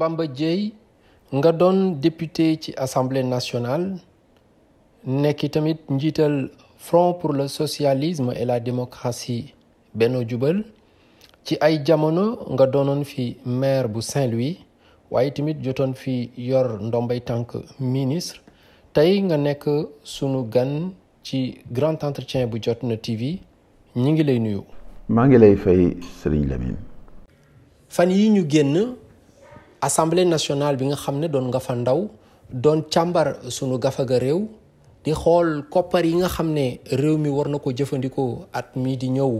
Bamba Dièye nga don député ci assemblée nationale nekki tamit njital front pour le socialisme et la démocratie Beno Jubal ci ay jamono nga donon fi maire bu Saint-Louis waye tamit jotoon fi yor ndombay tank ministre tay nga nekk sunu gan ci grand entretien bu Jotna TV ñi ngi lay nuyu. ma ngi lay fay Serigne Lamine. fan yi ñu génn. assemblée nationale bi nga xam ne doon nga fa ndaw doon càmbar sunu gafaga réew di xool koppar yi nga xam ne réew mi war na ko jëfandikoo at mii di ñëw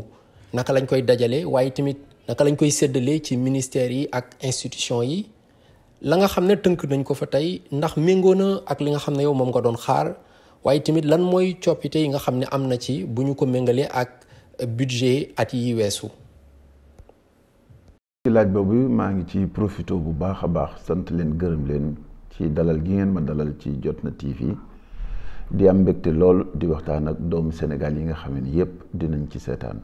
naka lañ koy dajale waaye tamit naka lañ koy séddale ci ministères yi ak institution yi la nga xam ne tënk nañ ko fa tey ndax méngoo na ak li nga xam ne yow moom nga doon xaar waaye tamit lan mooy coppite yi nga xam ne am na ci bu ñu ko méngalee ak budget at yi weesu ci laaj bobu ma ngi ci profito bu baakha baax sant len gërëm len ci dalal gi ngeen ma dalal ci Jotna TV di am mbégte lool di waxtaan ak doom Sénégal yi nga xamné yépp dinañ ci sétane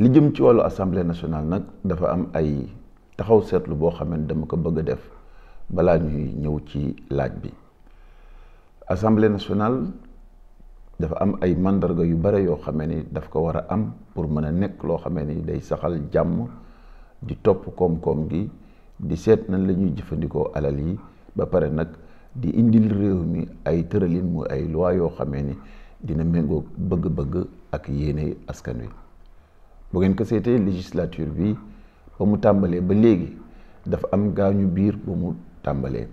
li jëm ci walu assemblée nationale nak dafa am ay taxaw sétlu bo xamné dama ko bëgg a def balaa ñuy ñëw ci laaj bi assemblée nationale dafa am ay mandarga yu bare yo xamné ni daf ko wara am pour mëna nek lo xamné day saxal jamm di topp koom-koom gi di seet nañ la ñuy jëfandikoo alal yi ba pare nag di indil réew mi ay tëralin mu ay loi yoo xamee ni dina méngoo bëgg-bëgg ak yéene askan wi bu ngeen ko seetee législature bi ba mu tàmbalee ba léegi dafa am gaañu biir ba mu tàmbalee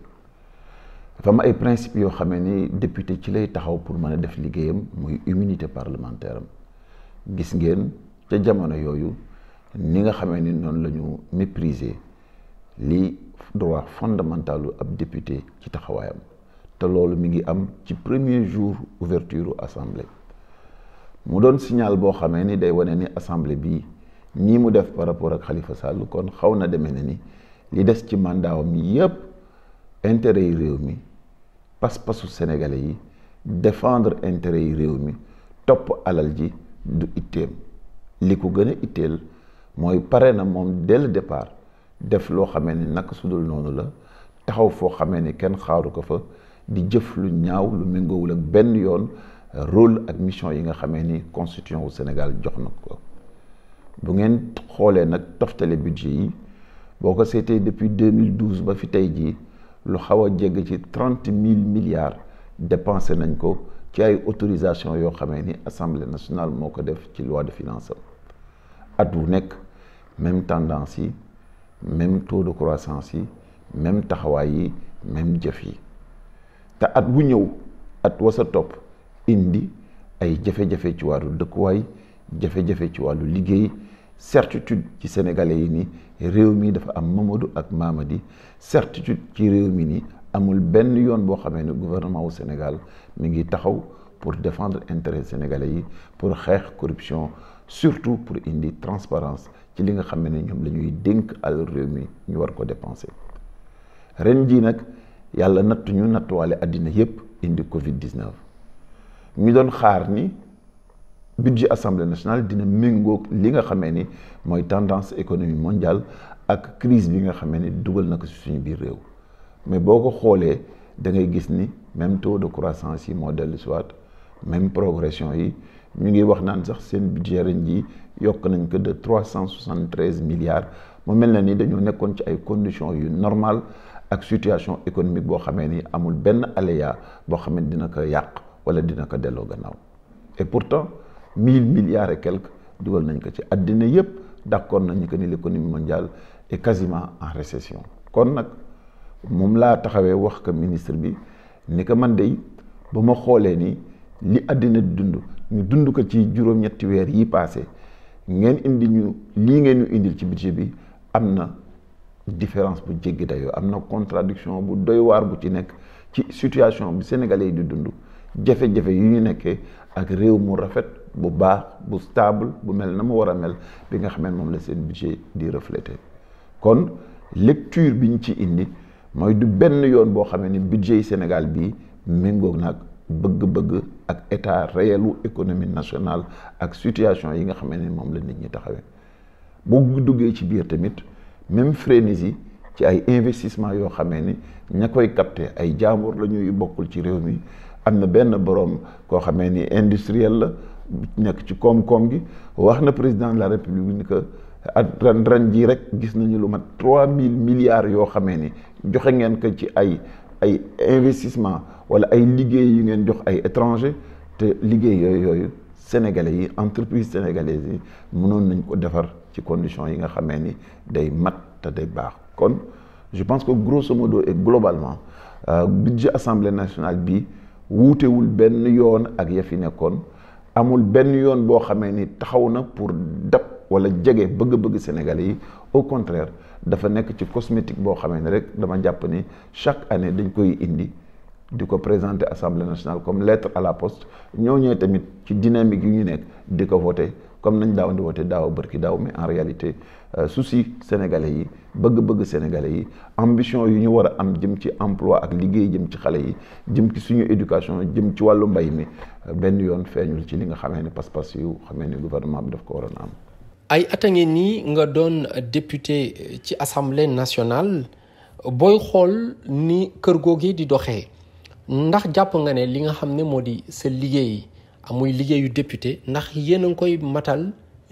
dafa am ay principe yoo xamee ni député ci lay taxaw pour mën a def liggéeyam muy immunité parlementaire am gis ngeen ca jamono yooyu ni nga xamé ni non lañu mépriser li droit fondamentalu ab député ci taxawayam té lolu mi ngi am ci premier jour ouverture assemblée mu don signal bo xamé ni day wone ni assemblée bi ni mu def par rapport ak Khalifa Sall kon xawna na ni li dess ci mandaawam yépp intérêt yi réew mi pas-pasu sénégalais yi défendre intérêt réew mi alal ji du itém liku ko gën a moy pare na dès le départ def lo xamé ni nak sudul noonu la taxaw fo xamé ni ken xaru ko fa di jëf lu ñaaw lu mengowul ak ben yoon rôle ak mission yi nga xamé ni constitution wu Sénégal jox na ko bu ngeen xolé nak toftalé budget yi boko ko depuis 2012 ba fi tay ji lu xawa jégg ci 30 000 milliards dépensé nañ ko ci ay autorisation yo xamé ni assemblée nationale moko def ci loi de finances. at wu nekk même tendance même taux de croissance même taxawaay même jëf Ta at bu at wasa top, indi ay jafe-jafe ci de kouaï, jafe-jafe ci wàllu certitude ci sénégalais yi ni réew mi dafa am Mamadou ak Mamadi certitude ci réew ni amul ben yoon bo xamee gouvernement au Sénégal mi ngi pour défendre intérêt sénégalais pour faire corruption surtout pour indi transparence ci li nga nous avons la réew mi ñu war dépenser Covid 19 ñu doon xaar ni budget assemblée nationale dina mengo li nga xamé ni tendance économie mondiale ak crise bi nga si suñu biir réew mais même taux de croissance yi même progression ñu ngi wax nan sax sen budget ren jii yok nañ ko de 373 milliards mo mel na ni dañu nekkon ci ay conditions yu normal ak situation économique bo xamé ni amul ben aléa bo xamé dina ko yàq wala dina ko delloo gannaaw et pourtant 1000 milliards et quelques dugal nañ ko ci adina yépp d'accord nañ ko ni l'économie mondiale est quasiment en récession kon nak mom la taxawé wax ko ministre bi ni ko man day bama xolé ni. li àddina di dund ñu dund ko ci juróom-ñetti weer yi paase ngeen indi ñu lii ngeen ñu indil ci budget bi am na différence bu jéggi dayoo am na contradiction bu doy waar bu ci nekk ci situation bi sénégalais yi di dund jafe-jafe yu ñu nekkee ak réew mu rafet bu baax bu stable bu mel na mu war a mel bi nga xam ne moom la seen budget di refléter kon lecture bi ñu ci indi mooy du benn yoon boo xamee ne budget yi Sénégal bii méngoog nag bëgg-bëgg ak état réelu économie nationale ak situation yi nga xamé ni mom la nit ñi taxawé boo duggé ci biir tamit même frénésie ci ay investissement yo xamé ni ñakoy capté ay jaambur la ñuy bokul ci réew mi amna na benn boroom koo xamee ni industriel la nek ci kom kom gi wax na président de la république ni que ak ran ren jii rek gis nañu lu mat 3000 milliards yo xamé ni joxe ngeen ko ci ay ay investissement wala ay liggéey yu ngeen jox ay étranger te liggéey yooyu yooyu sénégalais yi entreprise sénégalaises yi mënoon nañ ko defar ci condition yi nga xamee ni day mat te day baax kon je pense que grosso modo et globalement euh, budget assemblée nationale bi wuutewul benn yoon ak yafi fi nekkoon amul benn yoon boo xamee ni taxaw na pour dab wala jege bëgg-bëgg sénégalais yi au contraire dafa nekk ci cosmétique boo xamee ni rek dama jàpp ni chaque année dañ koy indi di ko présenté assemblée nationale comme lettre à la poste ñoo ñooy tamit ci dynamique yu ñu nekk di ko voté comme nañ daaw di voté daaw bërki daaw mais en réalité euh, souci sénégalais yi bëgg-bëgg sénégalais yi ambition yi ñu war a am jëm ci emploi ak liggéey jëm ci xale yi jëm ci suñu éducation jëm ci wàllu mbay mi euh, benn yoon feeñul ci li nga xamee ne pas-pas yu xamee ne gouvernement bi daf ko waroon am. ay at ngi nii nga doon député ci assemblée nationale booy xool ni kër googi di doxee. ndax jàpp nga ne li nga xam ne moo di sa liggéey amuy liggéeyu député ndax yéen a ngi koy matal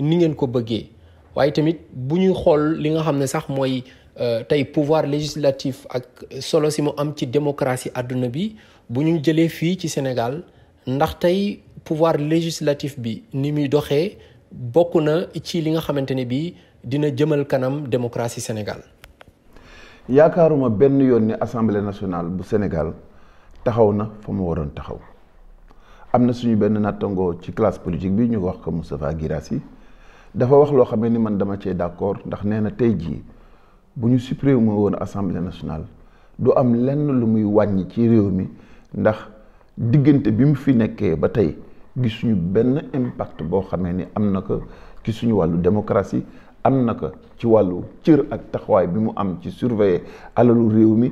ni ngeen ko bëggee waaye tamit bu ñuy xool li nga xam ne sax mooy euh, tey pouvoir législatif ak solo si mu am ci démocratie àdduna bi bu ñu jëlee fii ci Sénégal ndax tey pouvoir législatif bi ni muy doxee bokk na ci li nga xamante ne bii dina jëmal kanam démocratie Sénégal. yaakaaruma benn yoon ni assemblée nationale bu Sénégal. taxaw na fa mu waroon taxaw am na suñu benn nattangoo ci classe politique bi ñu wax ko Moustapha Guirassy dafa wax loo xamee ni man dama cee d'accord ndax nee na tey jii bu ñu supprimer woon assemblée nationale du am lenn lu muy wàññi ci réew mi ndax diggante bi mu fi nekkee ba tey gisuñu benn impact boo xamee ni am na ko ki suñu wàllu démocratie am na ko ci wàllu cër ak taxawaay bi mu am ci surveiller alalu réew mi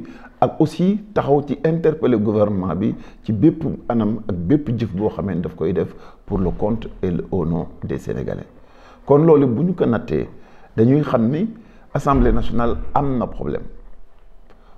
aussi taxaw ci interpeller gouvernement bi ci bépp anam ak bépp jëf bo xamee daf koy def pour le compte et le au nom des sénégalais kon lolé buñu ko naté dañuy xamné assemblée nationale amna un problème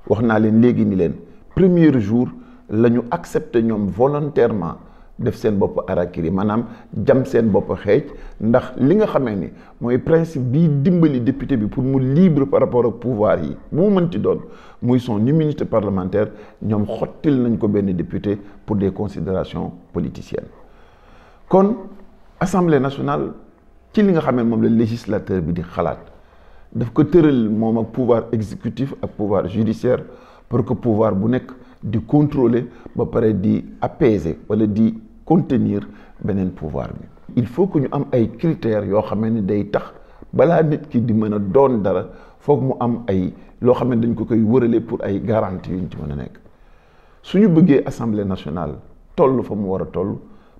waxna len légui ni len premier jour lañu accepter accepté volontairement def sen bop arakiri manam jam sen bop xej ndax li nga xamé ni moy principe bi dimbali député bi pour mu libre par rapport au pouvoir yi bu mu mënti doon muy son immunité parlementaire ñom xottil nañ ko benn député pour des considérations politiciennes kon assemblée nationale ci li nga xamé mom le législateur bi di xalat daf ko teurel mom ak pouvoir exécutif ak pouvoir judiciaire pour que pouvoir bu nek di contrôler ba paré di apaiser wala di contenir benen pouvoir bi il faut que ñu am ay critères yo xam day tax bala nit ki di mëna doon dara foog mu am ay lo xam dañ ko koy wërale pour ay garantie yu ñu ci mëna nekk suñu bëggé assemblée nationale toll fa mu wara toll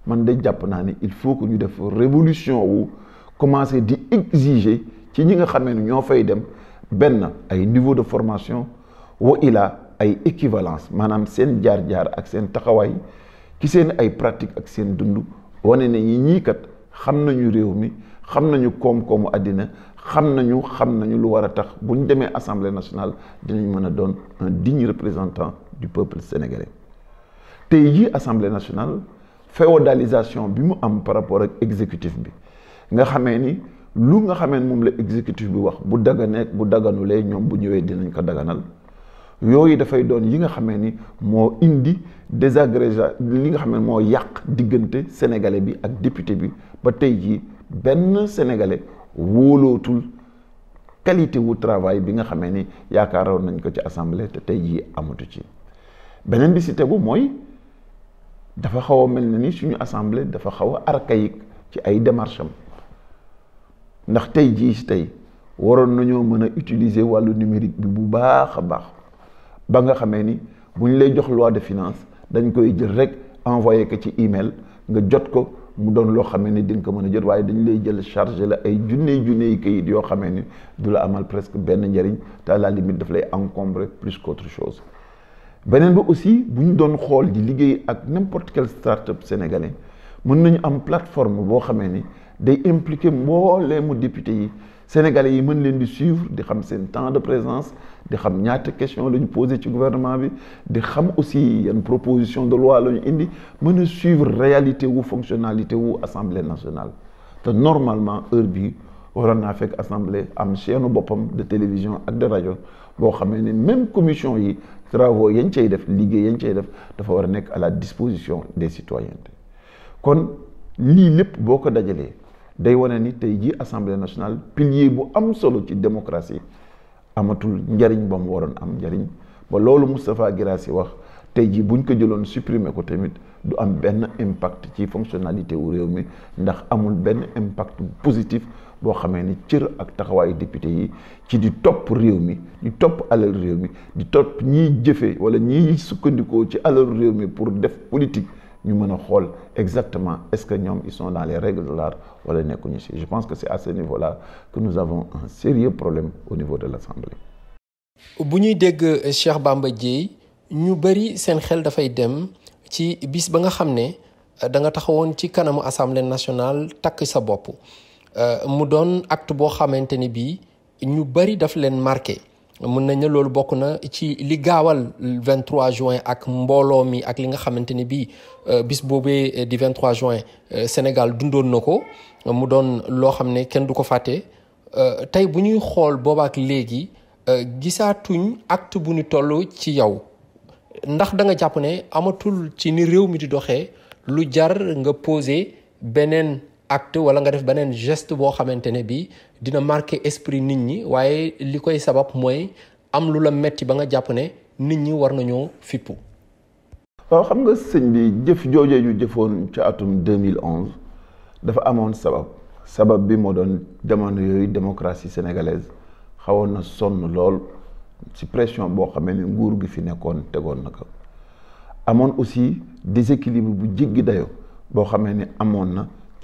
man de japp naa ni il faut que ñu def révolution wu commencer di exiger ci ñi nga xam ño fay dem benn ay niveau de formation wa ila ay équivalence manam sen jaar-jaar ak sen taxaway qui est ay pratique ak seen dund qui nous ñi nous réew mi nous lu wara tax buñ démé assemblée nationale dinañ nous un digne représentant du peuple sénégalais té yi assemblée nationale féodalisation bi mu am par rapport ak exécutif bi nga xamé ni lu nga xamé mom la exécutif bi wax bu bu bu yooyu dafay doon yi nga xamee ni moo indi désagrégat li nga xam ne moo yàq diggante sénégalais bi ak député bi ba tey jii benn sénégale wóolootul qualité wu travail bi nga xamee ni yaakaaroon nañ ko ci assemble te tey jii amatu ci beneen bi si tegu mooy dafa xaw a mel na ni suñu assemblée dafa xaw a archaïque ci ay démarches am ndax tey ji si tey waroon nañoo mën a utiliser wàllu numérique bi bu baax a baax. ba nga xamé ni lay loi de finance dañ koy jël rek email nga jot ko mu doon loo xamé ni vous ko mëna jot lay jël charger la ay junne du la amal presque benn njariñ la limite de lay encombrer plus qu'autre chose beneen bi aussi vous di n'importe quelle start-up sénégalais mën nañu am plateforme vous xamé ni day impliquer mu député sénégalais yi mën leen di suivre di xam seen temps de présence di xam ñaata question la poser au ci gouvernement bi di aussi une proposition de loi ils ont. indi la réalité suivre réalité wu fonctionnalité de assemblée nationale Donc normalement heure bi waroon naa fekk assemblée am chaîne de télévision ak de radio, pour xamee même commission yi travaux les cay def liggéey yañ cay def dafa à la disposition des citoyens kon qui est boo ko day wane ni tey jii assemblée nationale pilier bu am solo ci démocratie amatul njariñ ba mu waroon am njariñ ba loolu Moustapha Guirassy wax tey jii buñ ko jëloon supprimer ko tamit du am benn impact ci fonctionnalité wu réew mi ndax amul benn impact positif boo xamee ni cër ak taxawaayu député yi ci di topp réew mi di topp alal réew mi di topp ñiy jëfe wala ñiy sukkandikoo ci alal réew mi pour def politique ñu mën a exactement est-ce que ñoom ils sont dans les règles de l'art wala nekkuñu ci je pense que c'est à ce niveau-là que nous avons un sérieux problème au niveau de l'Assemblée. bu ñuy dégg Cheikh Bamba Dièye ñu bari seen xel dafay dem ci bis ba nga xam ne euh, da nga taxawoon ci kanamu assemblée nationale takk sa bopp euh, mu doon acte boo xamante ni bii ñu bëri daf leen marqué. mun nañ ne loolu bokk na ci li gaawal 23 juin ak mbooloo mi ak li nga xamante ni bii euh, bis boobee euh, di 23 juin euh, Sénégal dundoon na ko mu doon loo xam ne kenn du ko fàtte tey bu ñuy xool boobaak léegi gisaatuñ act bu ñu toll ci yow ndax danga jàpp ne amatul ci ni réew mi di doxee lu jar nga posé beneen. acte wala nga def beneen geste boo xamante ne bi dina marqué esprit nit ñi waaye li koy sabab mooy am lu la metti ba nga jàpp ne nit ñi war nañoo fippu. waaw xam nga sëñ bi jëf joojee ñu jëfoon ci atum 2011 dafa amoon sabab sabab bi moo doon jamono yooyu démocratie sénégalaise xawoon na sonn lool ci pression boo xamee ni nguur gi fi nekkoon tegoon na ko amoon aussi déséquilibre bu jiggi dayo boo xamee ni amoon na.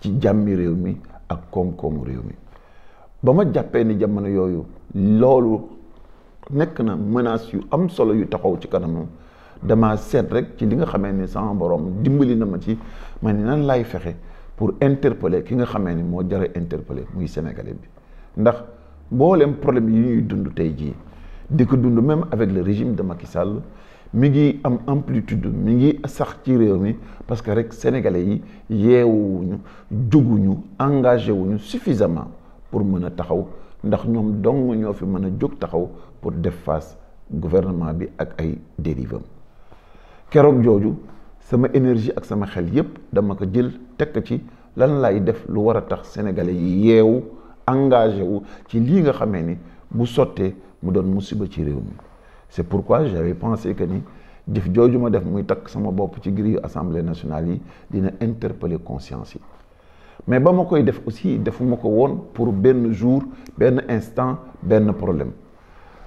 ci réew mi ak koom réew je ni jamono yooyu loolu nekk na menace yu am solo yu taxaw ci dama seet rek ci li nga xamee ni sama borom dimbali na ma ci ma nan lay fexe pour interpeller ki nga ni moo interpeller muy sénégalais bi ndax mboolem problème yi ñuy même avec le régime de Macky Sall mi ngi am amplitude mi ngi parce que rek sénégalais yi yeewuñu jóguñu engagé wuñu suffisamment pour mën taxaw ndax ñom dong ñoo fi mën taxaw pour def face gouvernement bi ak ay dérivam kérok joju sama énergie ak sama xel yépp dama ko jël tek ci lan lay def lu wara tax sénégalais yi yeewu engagé wu ci li nga xamé ni bu soté mu doon musiba ci réew c'est pourquoi j'avais pensé que ni jëf jooju ma def muy takk sama bopp ci grille assemblée nationale yi dina interpeller conscience yi mais ba ma koy def aussi defuma ko woon pour benn jour benn instant benn problème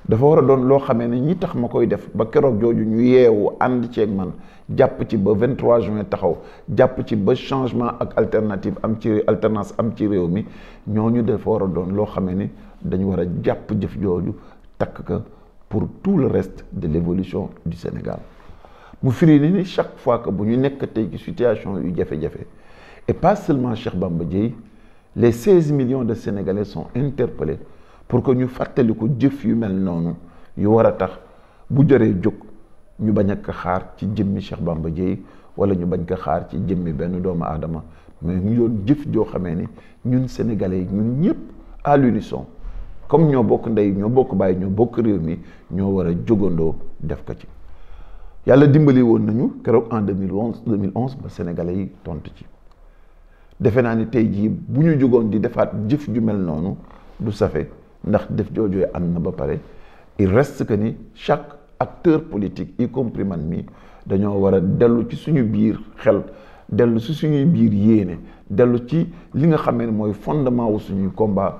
dafa war a doon loo xamee ne ñi tax ma koy def ba keroog jooju ñu yeewu ànd ceeg man jàpp ci ba 23 juin taxaw jàpp ci ba changement ak alternative am ci alternance am ci réew mi ñooñu dafa war a doon loo xamee ni dañu war a jàpp jëf jooju takk ka pour tout le reste de l'évolution du Sénégal mu firi chaque fois que nous ñu une situation yu et pas seulement Cheikh Bamba les 16 millions de Sénégalais sont interpellés pour que nous fàttaliku jëf yu mel noonu yu war a tax bu jëree jóg ñu bañ xaar ci jëmmi Cheikh Bamba ou wala ñu bañ ko xaar ci jëmmi benn doomu Adama. mais ñu doon jëf de nous, ni ñun sénégalais ñun ñëpp à l'unisson comme ñoo bokk ndey ñoo bokk bàyyi ñoo bokk réew mi ñoo war a jógandoo def ko ci yàlla dimbali woon nañu keroog en deux 2011 2011 ba sénégalais yi tontu ci defe naa ni tey jii bu ñu jógoon di defaat jëf ju mel noonu du safe ndax def joojooy am na ba pare il reste que ni chaque acteur politique y compris man mi dañoo war a dellu ci suñu biir xel dellu ci suñuy biir yéene dellu ci li nga xamee ne mooy fondement wu suñuy combat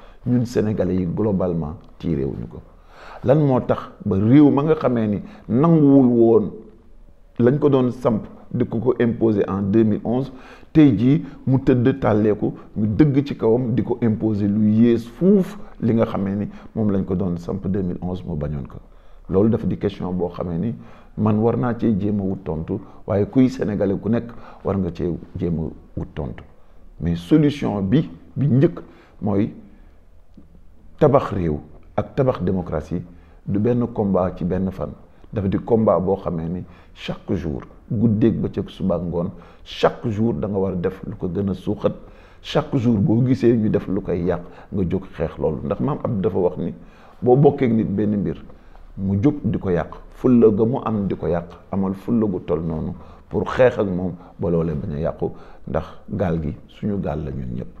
ñun sénégalais yi globalement tiré wuñu ko lan mo tax ba réew ma nga xamé ni nanguwul won lañ ko doon samp diko ko ko imposer en 2011 tey jii mu tëdd tàlleeku ñu dëgg ci kawam diko imposer lu yées fouf, li nga xamé ni mom lañ ko doon samp 2011 mo bañoon ko loolu dafa di question bo xamé ni man warna ci cee jéem wut tontu waye kuy sénégalais ku nek war nga ci jéem wut tontu mais solution bi bi ñëk moy tabax réew ak tabax démocratie du benn combat ci benn fan dafa di combat boo xamee ni chaque jour guddeeg bëccëg suba ngoon chaque jour da nga war def lu ko gën a suuxat chaque jour boo gisee ñu def lu koy yàq nga jóg xeex loolu ndax maam ab dafa wax ni boo bokkee nit benn mbir mu jóg di ko yàq fulla ga mu am di ko yàq amal fulla gu tol noonu pour xeex ak moom ba loolee bañ a yàqu ndax gaal gi suñu gaal la ñun ñëpp.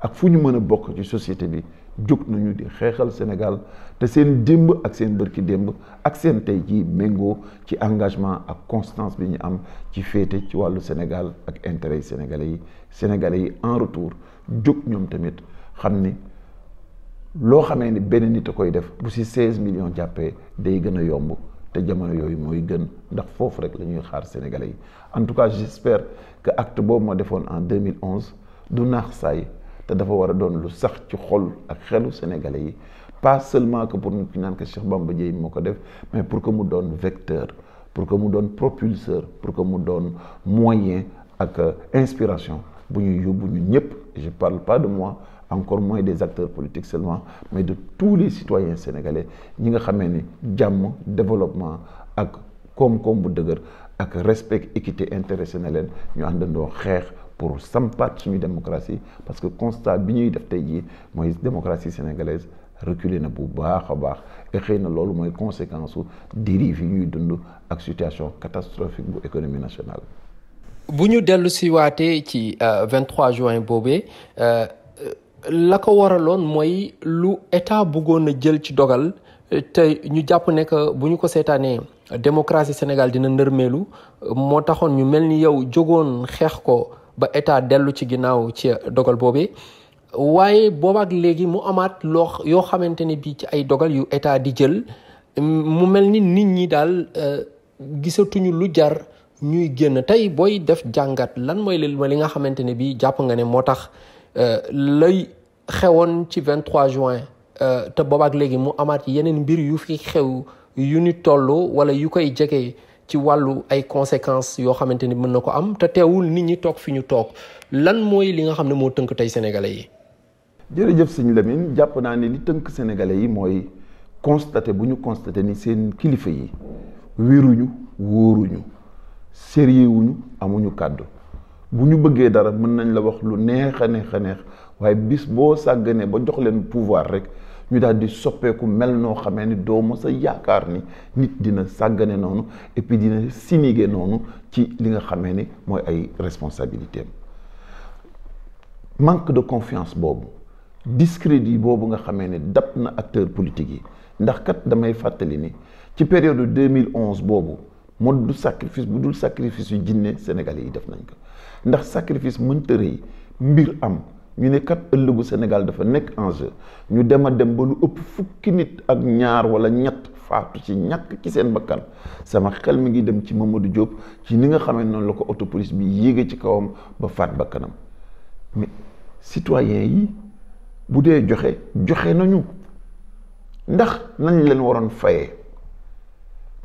ak fu ñu mën a bokk ci société bi jóg nañu di xeexal Sénégal te seen démb ak seen barki démb ak seen tey jii méngoo ci engagement ak constance bi ñu am ci féete ci wàllu Sénégal ak intérêt Sénégalais yi Sénégalais yi en retour jóg ñoom tamit xam ni loo xamee ni benn nit a koy def bu si 16 millions jàppee day gën a yomb te jamono yooyu mooy gën ndax foofu rek la ñuy xaar Sénégalais yi en tout cas j'espère que acte boobu ma defoon en 2011 du naax saay il dafa war a doon lu sax ci sénégalais pas seulement que pour nous ki que Cheikh Bamba Dièye mais pour que nous donnions vecteur pour que nous donne propulseur pour que nous donne moyen ak euh, inspiration bu ne parle pas de moi encore moins des acteurs politiques seulement mais de tous les citoyens sénégalais Nous nga xamee ni développement ak comme koom bu ak respect équité intérêt sénégalais. Nous ñu àndandoo pour sampaat suñu démocratie parce que constat bi ñuy def tey jii mooy démocratie sénégalaise reculé na bu baax a baax et xëy na loolu mooy conséquence su dérive yi ñuy dund ak situation catastrophique bu économie nationale. bu ñu dellu si waatee ci 23 euh, juin boobee euh, la ko waraloon mooy lu état buggoon a jël ci dogal euh, te ñu jàpp ne que bu ñu ko seetaanee. démocratie Sénégal dina ndërmeelu moo taxoon ñu mel ni yow jógoon xeex ko ba état dellu ci ginnaaw ci dogal boobee waaye boobaak léegi mu amaat loo yoo xamante ne bii ci ay dogal yu état di jël mu mel ni nit ñi daal euh, gisatuñu lu jar ñuy génn tey booy def jàngat lan mooy li nga xamante ne bii jàpp nga ne moo tax euh, lay xewoon ci 23 juin euh, te boobaak léegi mu amaat yeneen mbir yu fi xew yu ni toll wala yu koy jege. ci wàllu ay conséquences yoo xamante ni mën na ko am te teewul nit ñi toog fi ñu toog lan mooy li nga xam ne moo tënk tey sénégalais yi. jërëjëf sëñ Lamine jàpp naa ne li tënk sénégalais yi mooy constaté bu ñu constaté ni seen kilifa yi wéruñu wóoruñu sérieux wuñu amuñu kàddu bu ñu bëggee dara mën nañ la wax lu neex a neex a neex waaye bis boo sàgganee ba jox leen pouvoir rek. ñu daal di soppeeku mel noo xamee ni doo mës a yaakaar ni nit dina sàggane noonu et puis dina sinigé noonu ci li nga xamee ni mooy ay responsabilité manque de confiance boobu discrédit boobu nga xamee ni dab na acteur politique yi ndax kat damay fàttali ni ci période 2011 boobu mode du sacrifice bu dul sacrifice yu jinne Sénégalais yi def nañ ko ndax sacrifice mënta rëy mbir am ñu kat ëllëgu Sénégal dafa nekk enjeu ñu dem a dem ba lu ëpp fukki nit ak ñaar wala ñett faatu ci ñàkk ci seen bakkan sama xel mi ngi dem ci Mamadou Diop ci ni nga auto police bi yéege ci kawam ba mais citoyen yi bu dee nañu ndax nañ leen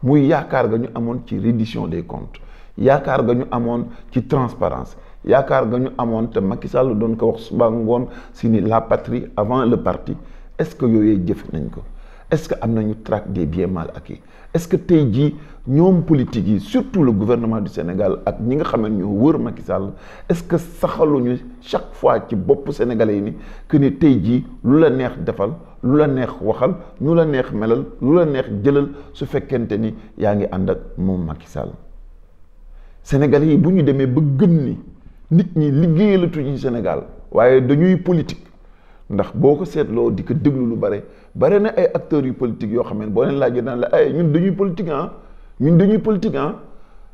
muy ga ñu ci reddition des comptes yaakaar ga ñu amoon ci transparence yaakaar nga ñu amoon te Macky Sall doon ko wax suba ngoon si ni la patrie avant le parti est-ce que yooyu jëf nañ ko est-ce que am nañu traque des biens mal acquis est-ce que tey jii ñoom politique yi surtout le gouvernement du Sénégal ak ñi nga xam ne ñoo wër Macky Sall est-ce que saxaluñu chaque fois ci bopp sénégalais yi ni que ni tey jii lu la neex defal lu la neex waxal ñu la neex melal lu la neex jëlal su fekkente ni yaa ngi ànd ak moom Macky Sall sénégalais yi bu ñu demee ba gëm ni. nit ñi liggéeyalatuñu Sénégal waaye dañuy politique ndax boo ko seetloo di ko déglu lu bare bare na ay acteurs yu politique yoo xam ne boo leen laajee daan la ay eh, ñun dañuy politique ah ñun dañuy politique ah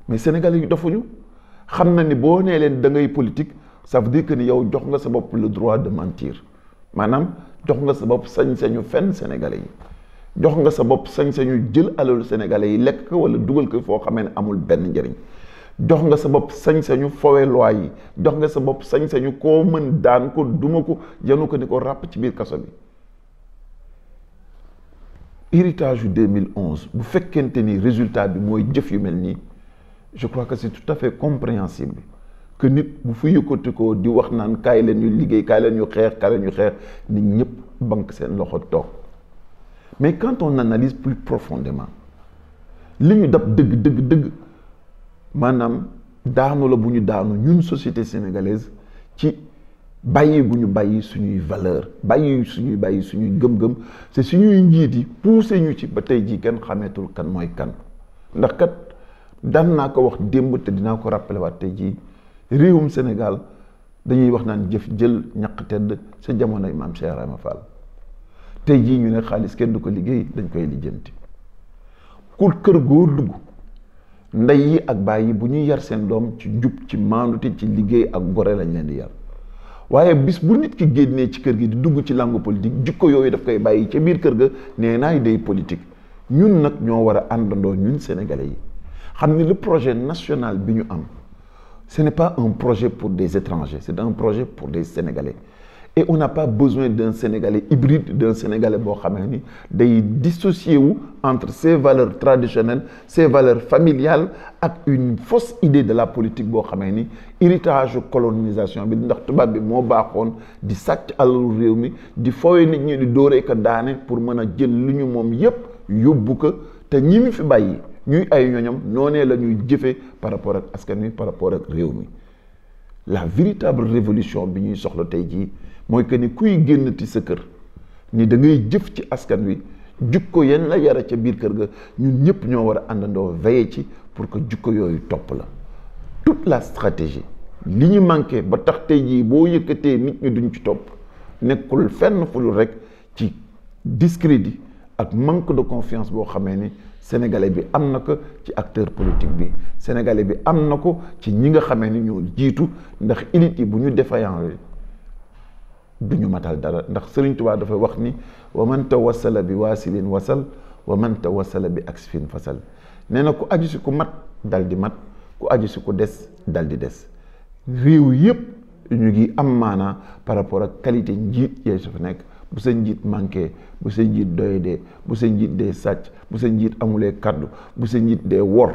mais Sénégalais yu dofuñu xam na ni boo nee leen da ngay politique ça veut dire que ni yow jox nga sa bopp le droit de mentir maanaam jox nga sa bopp sañ-sañu fenn Sénégalais yi jox nga sa bopp sañ-sañu jël alalu Sénégalais yi lekk ko wala dugal ko foo xamee ne amul benn njëriñ jox nga sa bop sañ-sañu fowé loi yi jox nga sa bop sañ-sañu ko mën daan ko duma ko ko niko rap ci biir kaso bi héritage 2011 bu fekkente ni résultat bi moy jëf yu mel je crois que c'est tout à fait compréhensible que nit bu fi yëkkati ko di wax naan kay leen ñu liggéey kay leen ñu xeex kaay leen ñu xeex nit ñëpp bank seen loxo tok mais quand on analyse plus profondément liñu dab deug deug deug maanaam daanu la bu ñu daanu ñun société sénégalaise ci bàyyi bu ñu bàyyi suñuy valeur bàyyi suñuy bàyyi suñuy gëm-gëm te suñuy njiit yi poussé ñu ci ba tey jii kenn xameetul kan mooy kan ndax kat daan naa ko wax démb te dinaa ko rappelé waat tey jii réewum Sénégal dañuy wax naan jëf jël ñaq tedd sa jamonoy maam Cheikh Ibrahima Fall tey jii ñu ne xaalis kenn du ko liggéey dañ koy lijjanti ku kër góor dugg ndey yi ak baay yi bu ñuy yar seen doom ci njub ci maandute ci liggéey ak gore lañ leen di yar waaye bis bu nit ki génnee ci kër gi di dugg ci langue politique jikko yooyu daf koy bàyyi ca biir kër ga nee naay day politique ñun nag ñoo war a àndandoo ñun sénégalais yi xam ni le projet national bi ñu am ce n'est pas un projet pour des étrangers c'est un projet pour des sénégalais et on n'a pas besoin d'un Sénégalais hybride d'un Sénégalais boo xamee ni day dissocier wu entre ses valeurs traditionnelles ses valeurs familiales ak une fausse idée de la politique boo xamee ni héritage colonisation bi ndax tubaab bi moo baaxoon di sàcc alalu réew mi di foowe nit ñi di dooree ko daane pour mën a jël lu ñu moom yépp yóbbu ko te ñi mu fi bàyyi ñuy ay ñoñam noonee la ñuy par rapport ak askan wi par rapport ak réew la véritable révolution bi ñuy soxla tey jii moy que ni kuy génn sa kër ni da ngay jëf ci askan wi jukko yan la yara ci biir kër ga ñun ñëpp ño wara andando àndandoo veiller ci pour que jukko yooyu topp la toute la stratégie li ñu manqué ba tax tey jii boo yëkkatee nit ñi duñ ci top nekkul fenn fu rek ci discrédit ak manque de confiance bo xamé ni sénégalais bi am ko ci acteur politique bi sénégalais bi am ko ci ñi nga xamé ni ñoo jitu ndax élite yi bu ñu défaillant du ñu matal dara ndax Sëriñ Tuubaa dafay wax ni wa man tawassala bi waasilin wasal wa man tawassala bi aksifin fasal nee na ku aju si ku mat dal di mat ku aju si ku des dal di des réew yëpp ñu ngi am maanaa par rapport ak qualité njiit yee su fa nekk bu sa njiit manqué bu sa njiit doyedee bu sa njiit dee sàcc bu sa njiit amulee kàddu bu sa njiit dee wor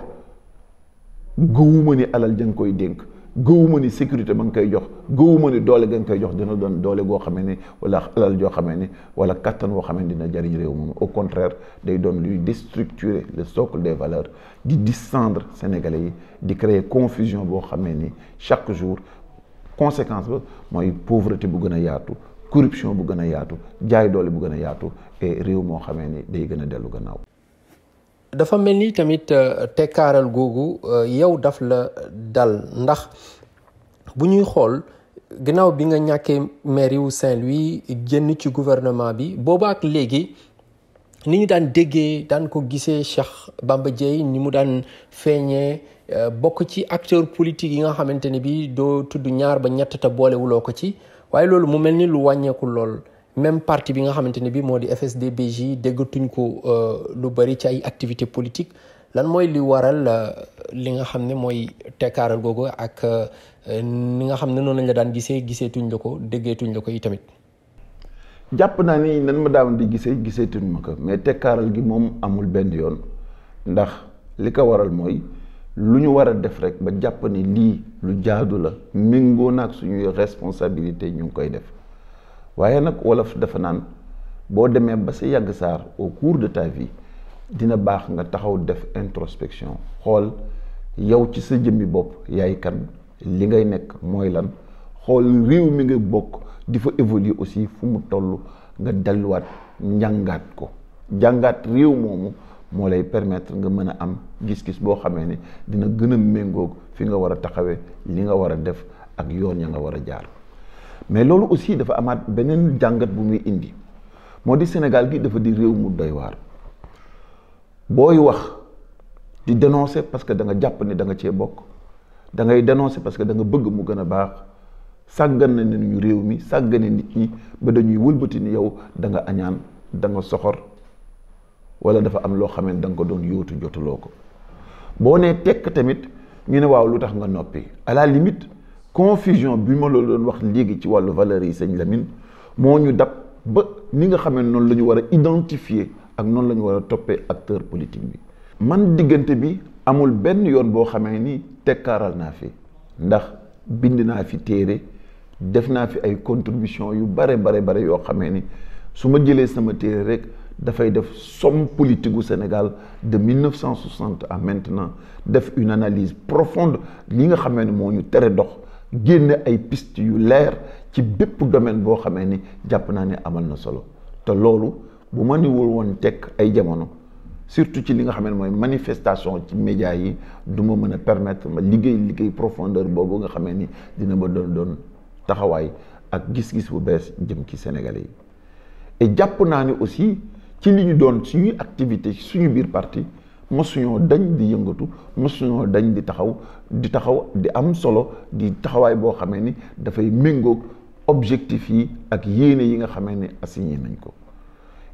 gëwuma ni alal jang koy dénk gëwuma ni sécurité ba nga koy jox gëwuma ni doole ga nga koy jox dina doon doole goo xamee ni wala alal joo xamee ni wala kattan woo xamee ni dina jariñ réew moom au contraire day doon luy déstructurer le socle des valeurs di descendre sénégalais yi di créer confusion boo xamee ni chaque jour conséquence ba mooy pauvreté bu gën a yaatu corruption bu gën a yaatu jaay doole bu gën a yaatu et réew moo xamee ni day gën a dellu gannaaw dafa mel ni tamit euh, tekkaaral googu euh, yow daf la dal ndax bu ñuy xool ginnaaw bi nga ñàkkee mairie wu Saint-Louis génn ci gouvernement bi booba ak léegi ni ñu daan déggee daan ko gisee Cheikh Bamba Dièye ni mu daan feeñee euh, bokk ci acteur politique yi nga xamante ne bi doo tudd ñaar ba ñett te boolewuloo ko ci waaye loolu mu mel ni lu wàññeeku lool même parti bi nga xamante ne bii moo di FSD/BJ déggatuñ ko euh, lu bari ci ay activités politiques lan mooy li waral euh, li nga xam ne mooy tekkaaral googu ak euh, ni nga xam ne noonu lañ la daan gisee giseetuñ la ko déggeetuñ la ko tamit jàpp naa ni nan ma daan di gisee giseetuñ ma ko mais tekkaaral gi moom amul benn yoon ndax li ko waral mooy lu ñu war a def rek ba jàpp ni lii lu jaadu la méngoo naag suñuy responsabilité ñu ngi koy def. waaye nag wolof dafa naan boo demee ba si yàgg saar au cours de ta vie dina baax nga taxaw def introspection xool yow ci sa jëmmi bopp yaay kan li ngay nekk mooy lan xool réew mi nga bokk di fa évolue aussi fu mu toll nga delluwaat njàngaat ko jàngaat réew moomu moo lay permettre nga mën a am gis-gis boo xamee ni dina gën a méngoog fi nga war a taxawee li nga war a def ak yoon ya nga war a jaar mais loolu aussi dafa amaat beneen jàngat bu muy indi moo di Sénégal gi dafa di réew mu doy waar booy wax di dénoncer parce que da nga jàpp ni da nga cee bokk dangay ngay dénoncer parce que da nga bëgg mu gën a baax sàggan nañu réew mi sàggane nit ñi ba dañuy wëlbati ni yow danga añaan danga soxor wala dafa am loo xamee da nga ko doon yóotu jotuloo ko boo nee tekk tamit ñu ne waaw lu tax nga noppi à la confusion la doon wax léegi ci wàllu valeur yi Lamine moo dab ba ni nga xamee noonu la ñu identifier ak noonu la ñu acteur politique bi man diggante bi amul benn yoon boo ni tekkaaral naa fi ndax bind fi téere def fi ay contribution yu bare bare ni su ma sama somme politique au Sénégal de 1960 à maintenant def une analyse profonde li nga xamee ni génné ay piste yu leer ci bépp domaine boo xamee ni amal na solo te loolu bu ma niwul woon tekk ay jamono surtout ci li nga ne manifestation ci médias yi du ma permettre ma liggéey profondeur boobu nga ni dina ak gis-gis et aussi ci li ñu activité suñu mosuñoo dañ di yëngatu mosuñoo dañ di taxaw di taxaw di am solo di taxawaay boo xamee ni dafay méngoog objectif yi ak yéene yi nga xamee ni assigné nañ ko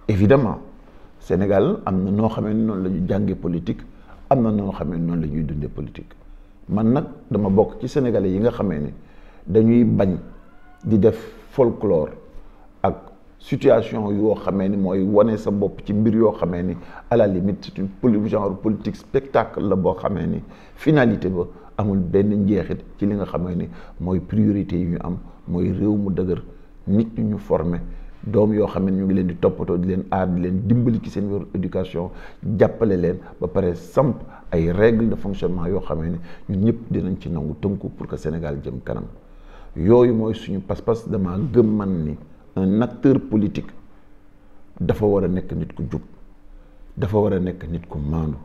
évidemment Sénégal am na noo xamee ni noonu la jàngee politique am na noo xamee ni noonu la ñuy dundee politique man nag dama bokk ci sénégalais yi nga xamee ni dañuy bañ di def folklore ak situation yo xamé ni moy woné sa bop ci mbir yo xamé ni à la limite c'est une genre politique spectacle la ni finalité ba amul ben ci li nga xamé ni moy priorité yu ñu am moy réew mu deuguer nit ñu doom yo xamé ne ñu ngi leen di topato di leen aar di dimbali ci éducation jappalé leen ba paré samp ay règles de fonctionnement yo xamé ni ñun ñëpp dinañ ci pour que Sénégal jëm kanam yooyu suñu pas-pas dama un acteur politique dafa war a nekk nit ku jub dafa war a nekk nit ku maandu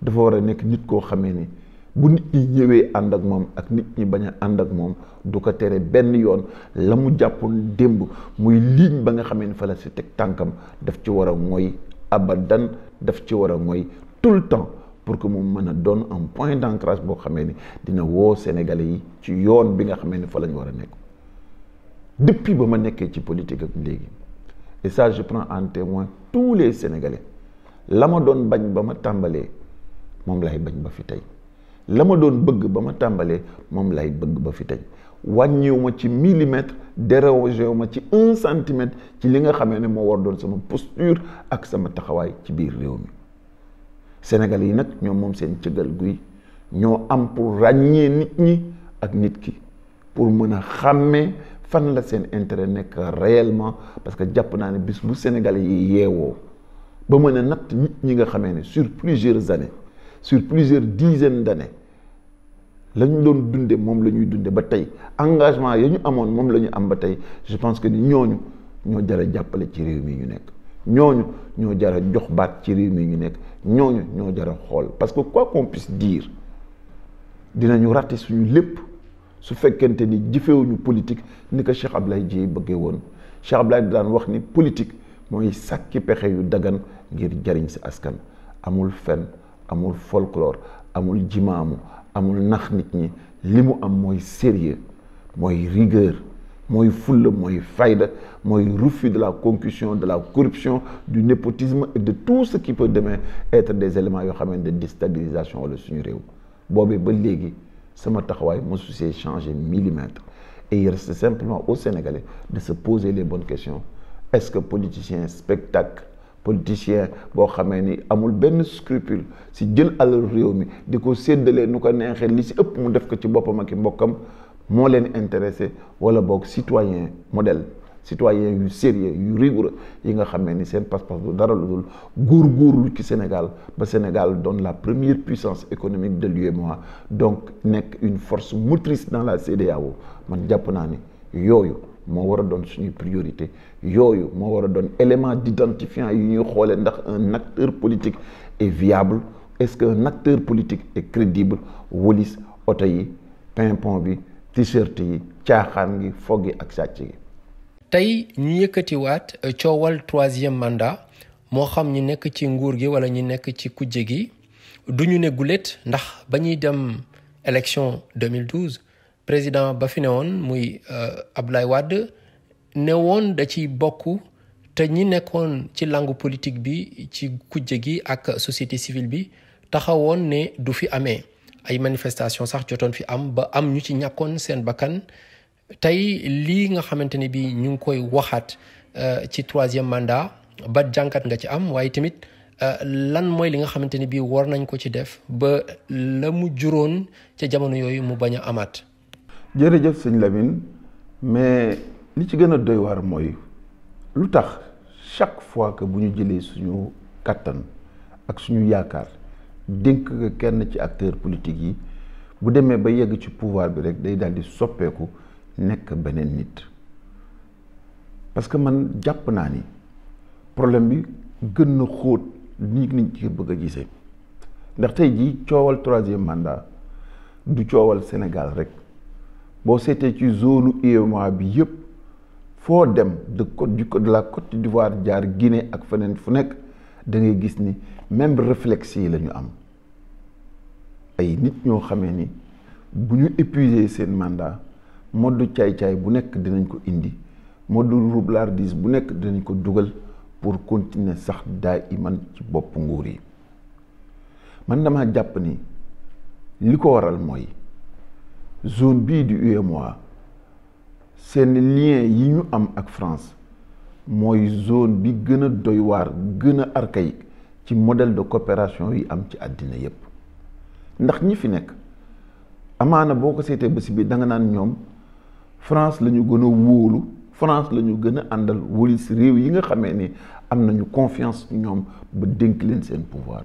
dafa war a nekk nit koo xamee ni bu nit ñi ñëwee ànd ak moom ak nit ñi bañ a ànd ak moom du ko tere benn yoon la mu jàppoon démb muy ligne ba nga xamee ni fa la si teg tànkam daf ci war a mooy abadan daf ci war a mooy tout le temps pour que mu mën a doon un point d'ancrage boo xamee ni dina woo Sénégalais yi ci yoon bi nga xamee ni fa la ñu war a nekk. depuis ba ma nekkee ci politique ak léegi et ça je prends en témoin tous les sénégalais la ma doon bama ba ma lay bagn ba fi tay. la ma bëgg bama tambalé, mom lay bëgg ba fi tay. wàññiwu ci millimètre dérogé ci un centimètre ci li nga xamé né mo war doon sama posture ak sama taxaway ci biir réew mi Sénégal yi nak ñom mom seen cëgal guy ño am pour ragné nit ñi ak nit ki pour mëna xamé fan la sen intérêt nek réellement parce que japp na ni bis bu Sénégal yi ba mën nat nit ñi nga xamé ni sur plusieurs années sur plusieurs dizaines d'années lañ doon dundé mom lañuy dundé ba tay engagement yañu amone mom moom am ba tay je pense que ni ñooñu ñoo jar jappalé ci réew mi ñu nek ñooñu ñoo jar a jox baat ci réew mi ñu nek ñooñu ñoo jar xol parce que quoi qu'on puisse dire dinañu raté suñu lépp su fekkente ni jëfewuñu politique ni ko Cheikh Ablaye djey bëggee woon Cheikh Ablaye daan wax ni politique mooy yu dagan ngir jariñ askan amul fen amul folklore amul jimaamu amul nit ñi am sérieux rigueur fayda refus de la concussion de la corruption du népotisme et de tout ce qui peut demain être des éléments de déstabilisation wala suñu réew boobee ba sama mon souci see changé millimètre et il reste simplement aux Sénégalais de se poser les bonnes questions est-ce que politicien spectacle politicien bo xamee amul ben scrupule si jël al réew diko sédélé nuko nexé li ci ëpp mu def ko ci bopam ak mbokam mo leen intéressé wala bok citoyen modèle citoyen sérieux yu rigoureux yi nga xamné ne ni seen pas-pas lu ci Sénégal ba Sénégal donne la première puissance économique de l'UEMOA donc nek une force motrice dans la CEDEAO man japp na ni yooyu mo wara donne suñu priorité yooyu mo wara donne élément d'identifiant yi ñu xolé ndax un acteur politique est viable est-ce qu'un acteur politique est crédible wolis auto yi pimpon bi t-shirt yi caaxaan gi fogg ak tey ñu yëkkatiwaat euh, coowal troisième mandat moo xam ñi nekk ci nguur gi wala ñi nekk ci kujje gi du ñu ne guléet ndax ba ñuy dem élection 2012 président ba fi ne woon muy euh, Abdoulaye Wade ne woon da ci bokk te ñi nekkoon ci langu politique bi ci kujje gi ak société civile bi taxawoon ne du fi amee ay manifestation sax jotoon fi am ba am ñu ci ñàkkoon seen bakkan tey lii nga xamante ni bii ñu ngi koy waxaat euh, ci troisième mandat ba jànkat nga ci am waaye tamit euh, lan mooy li nga xamante ni bii war nañ ko ci def ba la mu juróon ca jamono yooyu mu bañ a amaat. jërëjëf sëñ lamin mais li ci gën a doy waar mooy lu tax chaque fois que bu ñu jëlee suñu kàttan ak suñu yaakaar dénk nga kenn ci acteur politique yi bu demee ba yegg ci pouvoir bi rek day daal di soppeeku. nekk beneen nit parce que man jàpp naa ni problème bi gën na xóot nit ñi ci bëgg a gisee ndax tey jii coowal troisième mandat du coowal senegal rek boo seetee ci zone UEMOA bi yépp foo dem de côte du de la d'Ivoire jaar Guinée ak feneen fu nekk dangay gis ni même réflexe yi lañu am ay nit ñoo xamee ni bu ñu épuiser seen mandat. moddu caay-caay bu nekk dinañ ko indi moddu roublardise bu nekk dinañ ko dugal pour continuer sax daa iman ci bopp nguur yi man dama jàpp ni li ko waral mooy zone bii di mois seen lien yi ñu am ak France mooy zone bi gën a doy waar gën a archaïque ci modèle de coopération yi am ci àddina yépp ndax ñi fi nekk amaana boo ko seetee ba si bi da nga naan ñoom France la ñu gën a wóolu France la ñu gën a àndal wóolis réew yi nga xamee ni am nañu confiance ñoom ba dénk leen seen pouvoir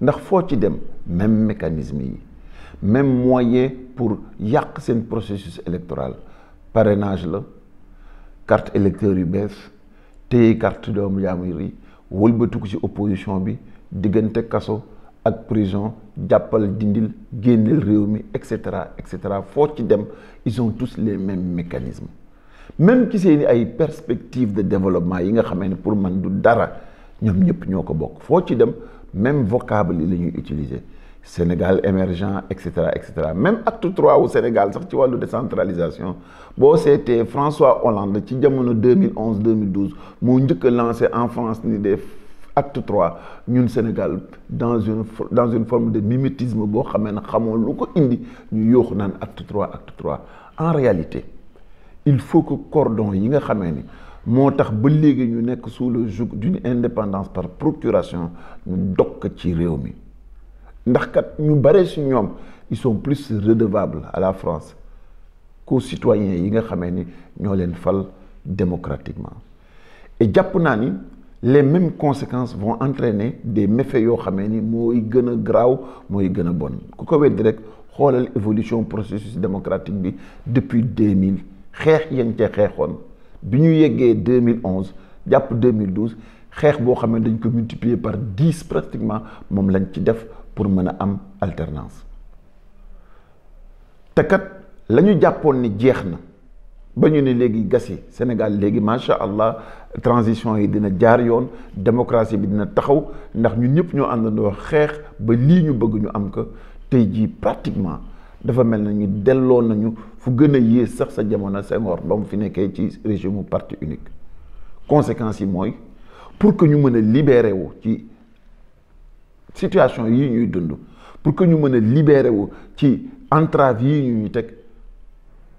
ndax foo ci dem même mécanisme yi même moyen pour yàq seen processus électoral parrainage la carte électeur yu bees téye carte doomu jaamur yi wëlbatiku ci opposition bi diggante kaso ak prison jappal dindil gennel rewmi etc. etc fo ci dem ils ont tous les mêmes mécanismes même ci seeni ay perspective de développement yi nga xamé ni pour man du dara ñom ñep ñoko bok fo ci dem même vocabulaire utilisé utiliser Sénégal émergent etc., etc. même acte trois au Sénégal sax ci décentralisation boo c'était François Hollande ci jamono 2011 2012 moo a lancé en France ni des acte 3 ñun Sénégal dans une dans une forme de mimétisme bo xamee ne xamoo indi ñu yox nan acte 3 acte en réalité il faut que cordon yi nga ni ba sous le joug d'une indépendance par procuration ñu ci réew mi ndax ils sont plus redevables à la France qu'aux citoyens yi nga ni fal démocratiquement et les mêmes conséquences vont entraîner des méfaits yo xamee ni mooy gën a graaw mooy gën a bon ku ko weddi rek xolal évolution processus démocratique bi depuis 2000 xex yañ ca xeexoon biñu ñu 2011 japp 2012 xex bo xamé dañ ko multiplier par 10 pratiquement mom lañ ci def pour mëna am alternance té kat lañu jappone ni jeexna bañu ba légui gassé Sénégal légui macha allah transition yi dina jaar yoon démocratie bi dina taxaw ndax ñun ñëpp ñoo àndandoo xeex ba lii ñu bëgg ñu am ko tey jii pratiquement dafa mel na ñu delloo nañu fu gën a yées sax sa jamono Senghor ba mu fi nekkee ci régime parti unique conséquences yi mooy pour que ñu mën a libéré wu ci situation yi ñuy dund pour que ñu mën a libéré wu ci entrave yi ñu ñu teg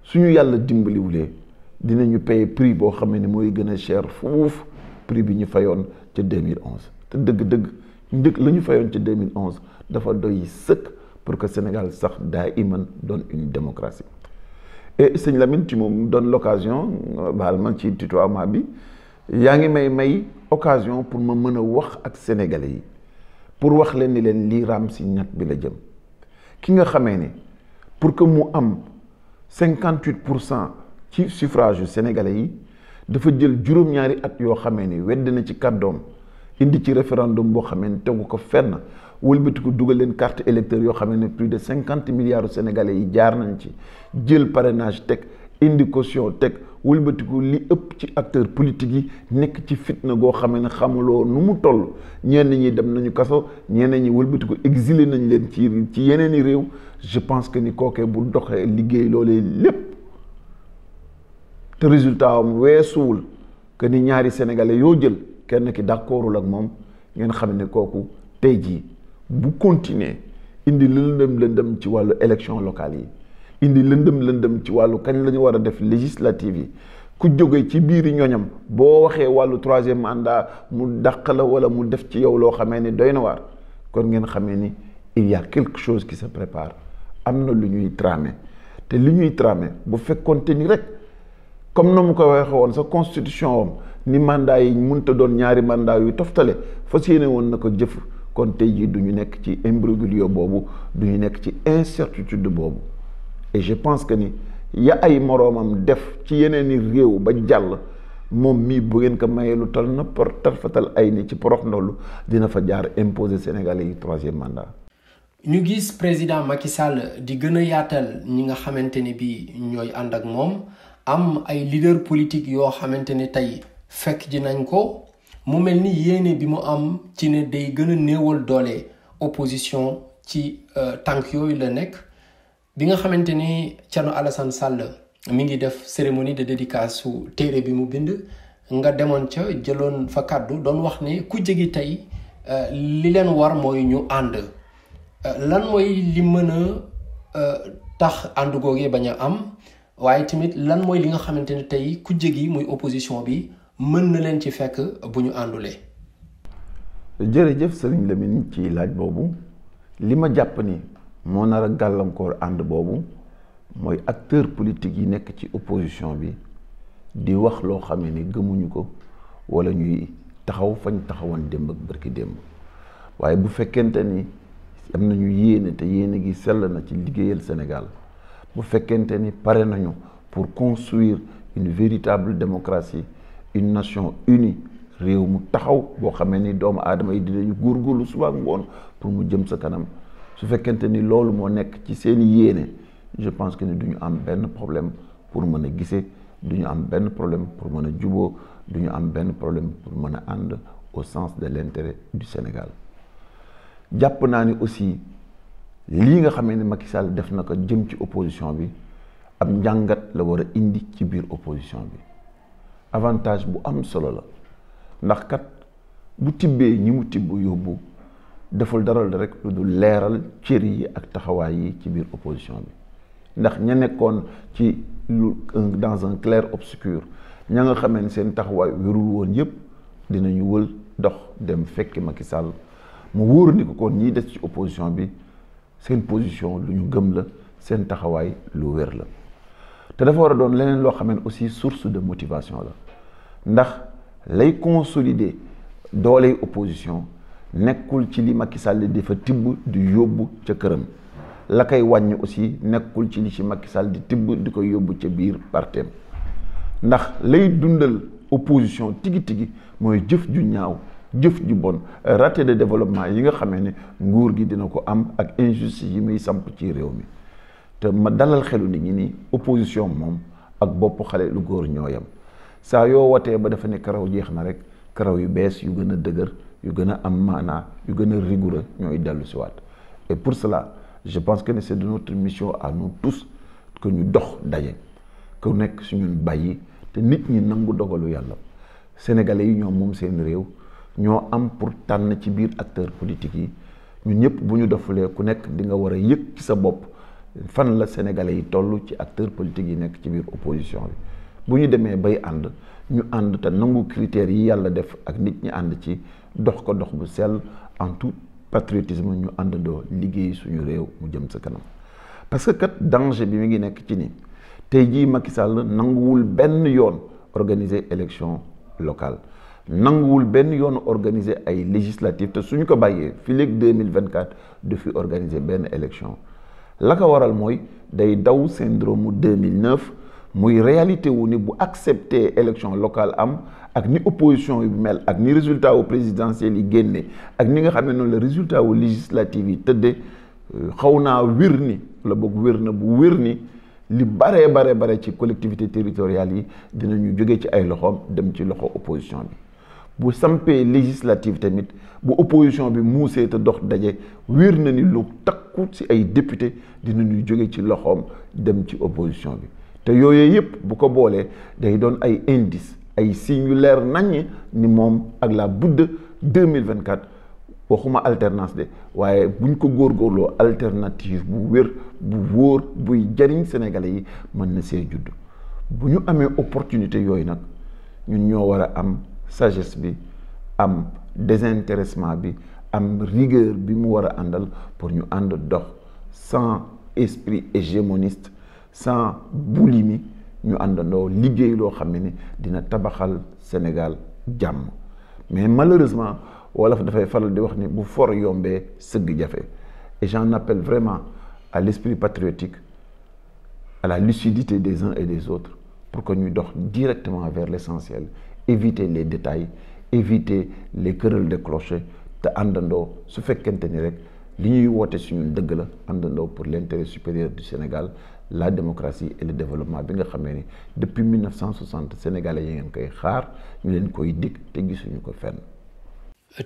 suñu yàlla dimbaliwulee dinañu paye prix boo xam ne mooy gën a cher fouf prix bi ñu fayoon ca 2011 te dëgg-dëgg njëkk la ñu fayoon ca 2011 dafa doy sëkk pour que Sénégal sax daa iman doon une démocratie et sëñ Lamine ci moom doon l'occasion euh, baal ma ci tutoiement bi yaa ngi may may occasion pour ma mën a wax ak sénégalais yi pour wax leen ni leen lii raam si ñat bi la jëm ki nga xamee ne pour que mu am 58 pour cent ci suffrage sénégalais yi dafa jël juróom-ñaari at yoo xamee ni wedd na ci kàddoom indi ci référendum boo xamee ni tegu ko fenn wëlbati dugal leen carte électeur yoo xamee ne plus de cinquante milliards sénégalais yi jaar nañ ci jël parrainage teg indi caution teg wëlbatiku li ëpp ci acteur politique yi nekk ci fitna goo xamee ne xamuloo nu mu toll ñenn ñi dem nañu kaso ñenn ñi wëlbatiku exilé nañ leen ci ci yeneen i réew je pense que ni kookee bu doxee liggéey loolee lépp te résultat am weesuwul que ni ñaari sénégalais yo jël kenn ki d'accordul ak mom ngeen xamné koku kooku bu continuer indi lendem lendem ci walu élection locale yi indi lendem lendem ci walu kañ lañu wara def législative yi ku joggé ci biir ñoñam waxé walu 3 troisième mandat mu dàq wala mu def ci yow lo xamee ni doy kon ngeen xamee ni il y a quelque chose qui se prépare amna na lu ñuy tramé té li ñuy tramé bu fekkonte ni rek comme na mu ko waxee woon sa constitution ni mandat yi mënut a doon ñaari mandat yu toftale fas yéene woon na ko jëf kon tey jii du ñu nekk ci imbroglio boobu duñu nekk ci incertitude boobu et je pense que ni ya ay moroomam def ci yeneen i réew ba jàll moom mii bu ngeen ko mayee lu tal na por tarfatal ay ni ci porox ndollu dina fa jaar imposer sénégal yi troisième mandat. ñu gis président Macky Sall di gën a yaatal ñi nga xamante ni bii ñooy ànd ak moom. am ay leader politique yoo xamante ne tey fekk ji nañ ko mu mel ni bi mu am ci ne day gën a néewal opposition ci euh, tànk yooyu la nekk bi nga xamante ni Thierno Alassane Sall mi ngi def cérémonie de dédicace su téere bi mu bind nga demoon ca jëloon fa kàddu doon wax ne ku jegi tey euh, li leen war mooy ñu ànd euh, lan mooy li mën a tax ànd bañ am waaye tamit lan mooy li nga xamante ne tey kujje gi muy opposition bi mën na leen ci fekk bu ñu àndulee. jërëjëf sëriñ Lamine ci laaj boobu li ma jàpp ni moo nar a gàllankoor ànd boobu mooy acteur politique yi nekk ci opposition bi di wax loo xam ni gëmuñu ko wala ñuy taxaw fañ taxawoon démb ak bërki démb waaye bu fekkente ni am nañu yéene te yéene gi sell na ci liggéeyal Sénégal. bu fekkente ni pare nañu pour construire une véritable démocratie une nation unie réew mu taxaw boo xamee ni doomu aadama yi dinañu góorgóorlu suba ngoon pour mu jëm sa kanam su fekkente ni loolu moo nekk ci seen yéene je pense que ni du ñu am benn problème pour mën a gisee du ñu am benn problème pour mën a juboo du ñu am benn problème pour mën a au sens de l'intérêt du Sénégal jàpp aussi li nga xamee ne Macky Sall def na jëm ci opposition bi am njàngat la wara indi ci biir opposition bi avantage bu am solo la ndax kat bu tibbee ñi mu tibbu yobbu deful daral rek lu du leeral cër yi ak taxaway yi ci biir opposition bi ndax ña nekkon ci lu dans un clair obscur ña nga xamé sen taxaway taxawaay wérul woon yépp dinañu wël dox dem fekk Macky Sall mu wóor ni ko kon ñi dess ci opposition bi seen position lu ñu gëm la seen taxawaay lu wér la te dafa war a doon leneen loo xam aussi source de motivation la ndax lay consolider dooley opposition nekkul ci li Macky Sall di fa tibb di yóbbu ca këram la koy wàññi aussi nekkul ci li ci Macky Sall di tibb di ko yóbbu ca biir parteem ndax lay dundal opposition tigi tigi mooy jëf ju ñaaw jëf ju bon raté de développement yi nga xamé ni nguur gi dina ko am ak injustice yi muy samp ci réew mi té ma dalal xélu nit ñi ni opposition mom ak bop xalé lu góor ñooyam saa yo woté ba dafa ne karaw jeex na rek karaw yu bees yu gëna a dëgër yu gëna am mana yu gëna a rigoureux ñooy dellu si waat et pour cela je pense que c'est de notre mission à nous tous que ñu dox dajé ku nekk su ñun bàyyi te nit ñi nangu dogalu yalla sénégalais yi ñom mom seen réew ñoo am pour tànn ci biir acteur politique yi ñun ñëpp bu ñu defulee ku nekk di nga war a yëg sa bopp fan la sénégalais yi toll ci acteur politique yi nekk ci biir opposition bi bu ñu demee bay ànd ñu ànd te nangu critères yi yàlla def ak nit ñi ànd ci dox ko dox bu sell en tout patriotisme ñu àndandoo liggéey suñu réew mu jëm sa kanam parce que kat danger bi mi ngi nekk ci ni tey jii Macky Sall nanguwul benn yoon organiser élection locale nanguwul ben yon organisé ay législatif te suñ ko bàyyee fii 2024 du organisé ben élection la ko waral moy day daw syndrome 2009 muy réalité wu ni bu accepter élection locale am ak ni opposition yu mel ak ni résultat au présidentiel yi génne ak ni nga xamé non le résultat au législatif yi teudé xawna wirni la bok wér bu wér li bare bare bare ci collectivité territoriale yi dinañu joggé ci ay loxom dem ci loxo opposition bi bu sampee législative tamit bu opposition bi muusee te dox dajé wér na ni lu takku ci ay député dinañu joggé ci loxom dem ci opposition bi té yooyu yépp bu ko bolé day don ay indice ay signes yu leer ni mom ak la budde 2024 waxuma alternance de waaye buñ ko gor gorlo alternative bu wër bu wor buy jariñ sénégalais yi mën na sé judd buñu amé opportunité yoy nak ñun ñoo wara am sagesse bi am désintéressement bi am rigueur bi mu wara pour ñu and dox sans esprit hégémoniste sans boulimie ñu àndandoo liggéey loo nous ni dina tabaxal Sénégal jàmm mais malheureusement wolof dafay faral di wax ni bu for yombee sëgg jafe et j'en appelle vraiment à l'esprit patriotique à la lucidité des uns et des autres pour que nous dormions directement vers l'essentiel éviter les détails éviter les querelles de clocher te àndandoo su fekkente ni rek li ñuy woote suñu la pour l'intérêt supérieur du Sénégal la démocratie et le développement bi nga ni depuis 1960 sénégalais yi ngeen koy xaar ñu leen koy dig te gisuñu ko fenn.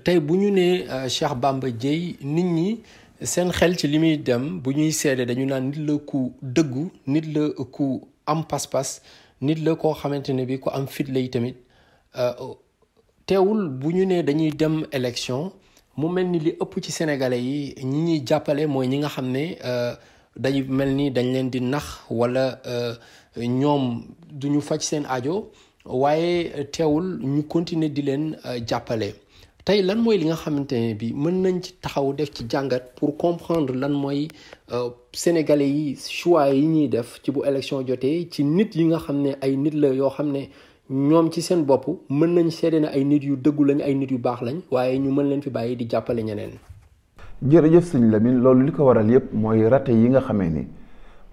Tay bu euh, Cheikh Bamba Dièye nit ñi seen xel ci limuy dem bu ñuy seede dañu naan nit la ku dëggu nit la ku am pass pass nit la ko xamante bi ko am fit lay tamit. Euh, teewul bu ñu nee dañuy dem élection mu mel ni li ëpp ci sénégalais yi ñi ñuy jàppale mooy ñi nga xam ne euh, dañu mel ni dañ leen di nax walla euh, ñoom du ñu faj seen ajo waaye teewul ñu continuer di leen jàppale tey lan mooy li nga xamante ne bi mën nañ ci taxaw def ci jàngat pour comprendre lan mooy sénégalais yi choix yi ñuy def ci bu élection jotee ci nit yi nga xam ne ay nit la yoo xam ne ñoom ci seen bopp mën nañ seede ne ay nit yu dëggu lañ ay nit yu baax lañ waaye ñu mën leen fi bàyyi di jàppale ñeneen. jërëjëf sëñ Lamine loolu li ko waral yëpp mooy rate yi nga xamee ni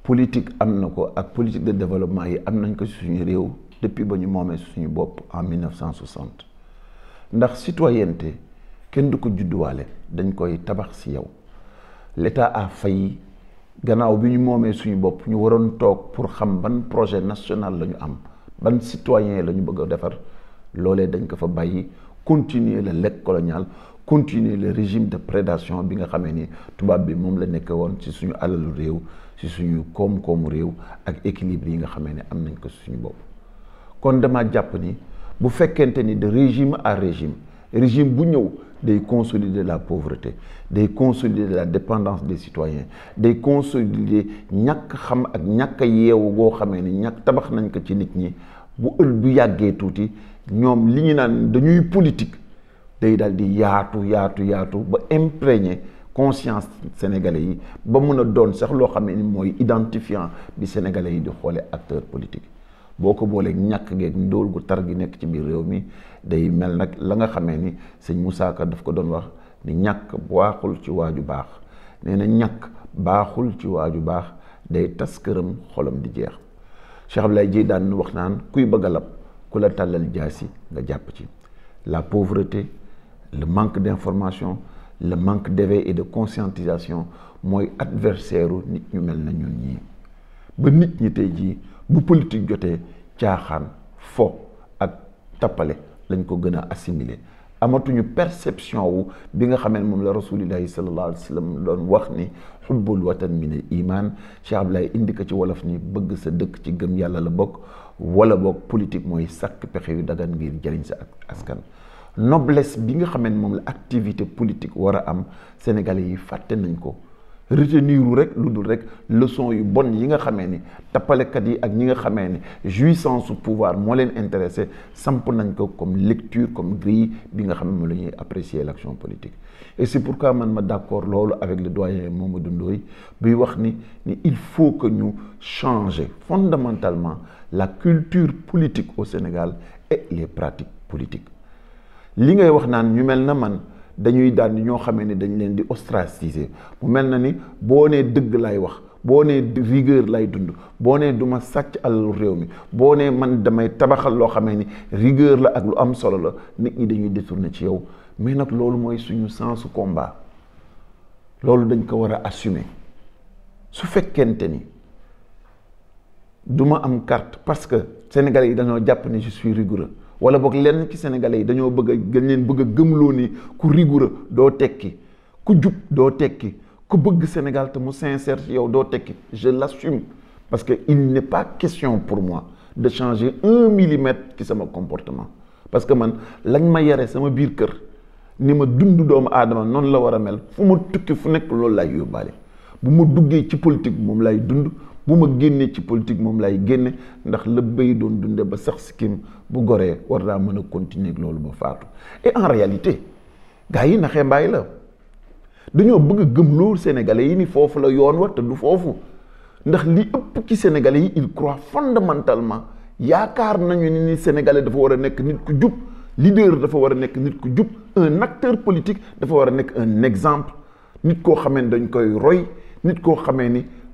politique am na ko ak politique de développement yi am nañ ko suñu réew depuis ba ñu moomee suñu bopp en 1960 ndax citoyenneté kenn du ko judduwaale dañ koy tabax ci yow l'État a failli gannaaw bi ñu moomee suñu bopp ñu waroon toog pour xam ban projet national la ñu am. ban citoyen lañu bëgg défar l'olé dañ ko fa bayyi continuer le legs colonial continuer le régime de prédation bi nga xamé ni tubab bi mom la nekk woon ci suñu alalu réew ci suñu kom kom réew ak équilibre yi nga xamé ni am nañ ko suñu bop kon dama japp ni bu fekkenté ni de régime à régime régime bu ñew day consolider la pauvreté day consolider la dépendance des citoyens day consolider ñak xam ak ñàkk a go xamé ni ñak tabax nañ ko ci nit ñi bu ul bu yagge touti ñom li ñu dañuy politique day daldi yaatu yaatu yaatu ba imprégner conscience sénégalais yi ba mëna doon sax lo xam ni identifiant bi sénégalais yi di xolé acteur politique boko bolé ñak ñàkk geeg ndóol gu tar gi nek ci biir réew mi day mel nak la nga xamé ni sëñ Moussa Ka daf ko doon wax ni ñak baaxul ci waju baax nee na ñàkk baaxul ci waju baax day tas xolam di jeex Cheikh Abdoulaye Dieye dan wax naan kuy bëgg a lab ku la tàllal jaasi nga japp ci la pauvreté le manque d'information le manque d'éveil et de conscientisation moy adversaire nit ñu mel na ñun ñi ba nit ñi tay ji bu politique jotee caaxaan fo ak tappale lañ ko gën a assimiler amatuñu perception wu bi nga xamee ne moom la rasulillahi sallallahu alayhi wa sallam doon wax ni xubbul watan min al imaan Cheikh Abdoulaye indi ko ci wolof ni bëgg sa dëkk ci gëm yàlla la bokk wala bokk politique mooy sàkk pexe yu dagan ngir jëriñ sa askan noblesse bi nga xamee moom la activité politique war a am sénégalais yi fàtte nañ ko retenir rek luddul rek leçon yu bon yi nga xamé ni kat yi ak ñi nga xamé ni jouissance pouvoir mo leen intéressé samp nañ ko comme lecture comme grille bi nga xamé mo apprécier l'action politique et c'est pourquoi man ma d'accord lolu avec le doyen Mamadou Ndoy bi wax ni il faut que ñu changer fondamentalement la culture politique au Sénégal et les pratiques politiques li ngay wax naan ñu mel man dañuy daan ñoo xamee ne dañ leen di ostraciser mu mel na ni boo nee dëgg lay wax boo nee rigueur lay dund boo nee du ma sàcc alalu réew mi boo nee man damay tabaxal loo xamee ni rigueur la ak lu am solo la nit ñi dañuy détourné ci yow mais nag loolu mooy suñu sensu combat loolu dañ ko war a assumer su fekkente ni du ma am carte parce que Sénégalais yi dañoo jàpp ne je suis rigoureux wala bok lenn ci sénégalais yi dañoo bëgg gën dañ leen bëgg a gëmloo ni ku rigoureux doo tekki ku jub doo tekki ku bëgg Sénégal te mu sincère yow doo tekki je l'assume parce que il n'est pas question pour moi de changer un millimètre ci sama comportement parce que man lañ ma yare sama biir kër ni ma dund doomu aadama noonu la war a mel fu ma tukki fu nekk loolu laay yóbbaale bu ma duggee ci politique moom lay dund bu ma génnee ci politique moom laay génne ndax la béy doon dunde ba sax sikkim bu goree war naa mën a continuer loolu ba faatu et en réalité gars yi naxee mbaay la dañoo bëgg gëm loolu sénégalais yi ni foofu la yoon wa te du foofu ndax li ëpp ci sénégalais yi il croit fondamentalement yaakaar nañu ni ni sénégalais dafa war a nekk nit ku jub leader dafa war a nekk nit ku jub un acteur politique dafa war a nekk un exemple nit koo xamee ni dañ koy roy nit koo xamee ni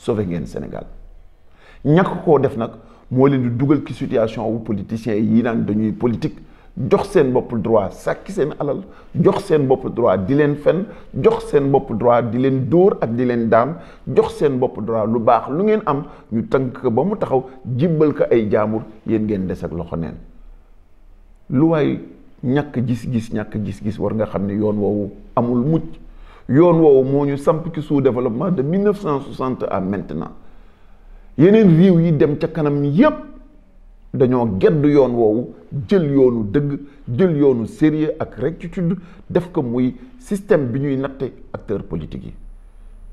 sauvé ngeen Sénégal ñàkk koo def nag moo leen di dugal ci situation wu politiciens yi naan dañuy politique jox seen bopp droit sàkki seen alal jox seen bopp droit di leen fen jox seen bopp droit di leen dóor ak di leen daan jox seen bopp droit lu baax lu ngeen am ñu tënk ko ba mu taxaw jibbal ko ay jaamur yéen ngeen des ak loxo neen lu waay ñàkk gis-gis ñàkk gis-gis war nga xam ni yoon woowu amul mucc yoon woowu moo ñu samp ci sous développement de 1960 à maintenant yeneen réew yi dem ca kanam yépp dañoo gedd yoon woowu jël yoonu dëgg jël yoonu sérieux ak rectitude def ko muy système bi ñuy natte politique. politiques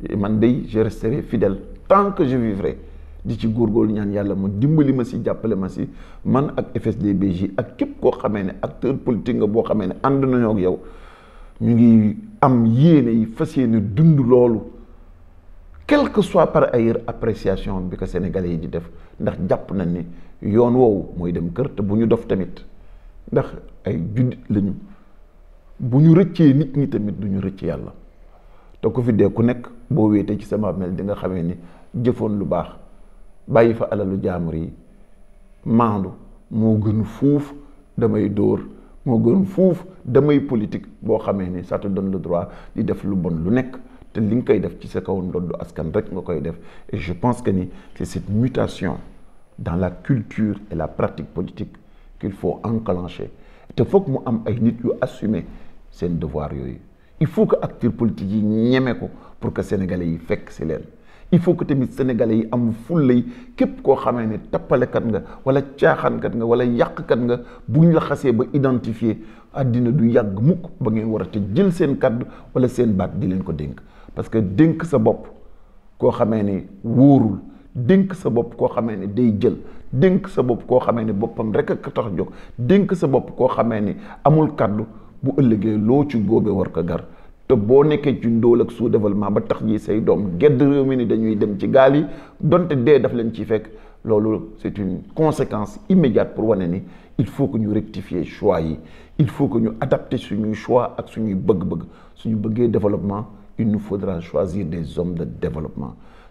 yi man day je resterai fidèle tant que je vivrai di ci góorgóorlu ñaan yàlla mu dimbali ma si jàppale ma si man ak fsd ak képp koo xamee ne acteur politique nga boo xamee ne ànd nañoo ak yow ñu ngi am yéene yi fas yéene dund loolu quel que soit par ailleurs appréciation bi ko sénégalais yi di def ndax jàpp nañ ni yoon woowu mooy dem kër te bu ñu dof tamit ndax ay jullit lañu bu ñu rëccee nit ñi tamit du ñu rëcc yàlla te ku fi dee ku nekk boo wéetee ci sama mel di nga xamee ni jëfoon lu baax bàyyi fa alalu jaamur yi maandu moo gën fuuf damay dóor moo gën fuuf damay politique boo xamee ni ça te donne le droit di def lu bon lu nekk te li nga koy def ci sa kaw ndoddu askan rek nga koy def et je pense que ni c'est cette mutation dans la culture et la pratique politique qu'il faut enclencher Il faut mu am ay nit yu assumer seen devoir il faut que acteurs politiques yi ñeme ko pour que sénégalais yi fekk si leen il faut que tamit sénégalais yi am fullay képp koo xamee ne tappalekat nga wala caaxaankat nga wala yàqkat nga buñ la ba identifier àddina du yàgg mukk ba ngeen war a te jël seen kàddu wala seen baat di leen ko dénk parce que dénk sa bopp koo xamee ni wóorul dénk sa bopp koo xamee ne day jël dénk sa bopp koo xamee ne boppam rek ak tax jóg dénk sa bopp koo xamee ni amul kàddu bu ëllëgee loo ci góobee war ko gar te boo nekkee ci ak développement ba tax ji say doom gedd réew mi ni dañuy dem ci gaal yi donte dee daf leen ciy c'est une conséquence immédiate pour wane il faut que ñu rectifier choix il faut que nous adapter suñuy choix ak suñuy bëgg-bëgg suñu bëggee développement il nous faudra choisir des hommes de développement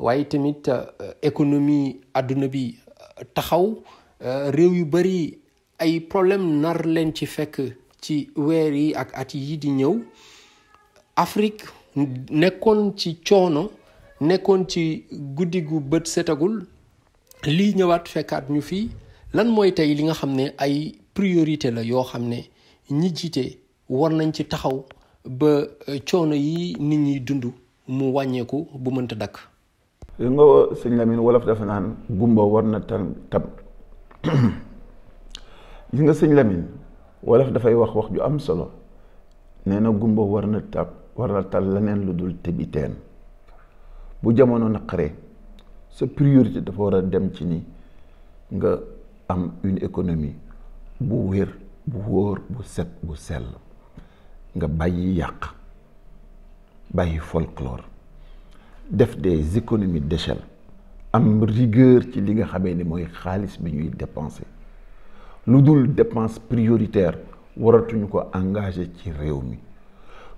waaye tamit euh, économie àdduna bi euh, taxaw euh, réew yu bari ay problème nar leen ci fekk ci weer yi ak at yi di ñëw Afrique nekkoon ci coono nekkoon ci guddi gu bët setagul lii ñëwaat fekkaat ñu fii lan mooy tey li nga xam ne ay priorité la yoo xam ne ñi jiite war nañ ci taxaw ba coono yi nit ñiy dund mu wàññeeku bu mënta dakk li nga sëñ Lamine wolof dafa naan gumba war na tam tam li nga sëñ Lamine wolof dafay wax wax ju am solo nee na gumba war na tab war na tal leneen lu dul tebiteen bu jamono naqaree sa priorité dafa war a dem ci ni nga am une économie bu wér bu wóor bu set bu sell nga bàyyi yàq bàyyi folklore def des économies d'échelle am rigueur ci li nga xamé ni moy xaalis bi ñuy dépenser ludul dul dépense prioritaire waratuñu ko engagé ci réew mi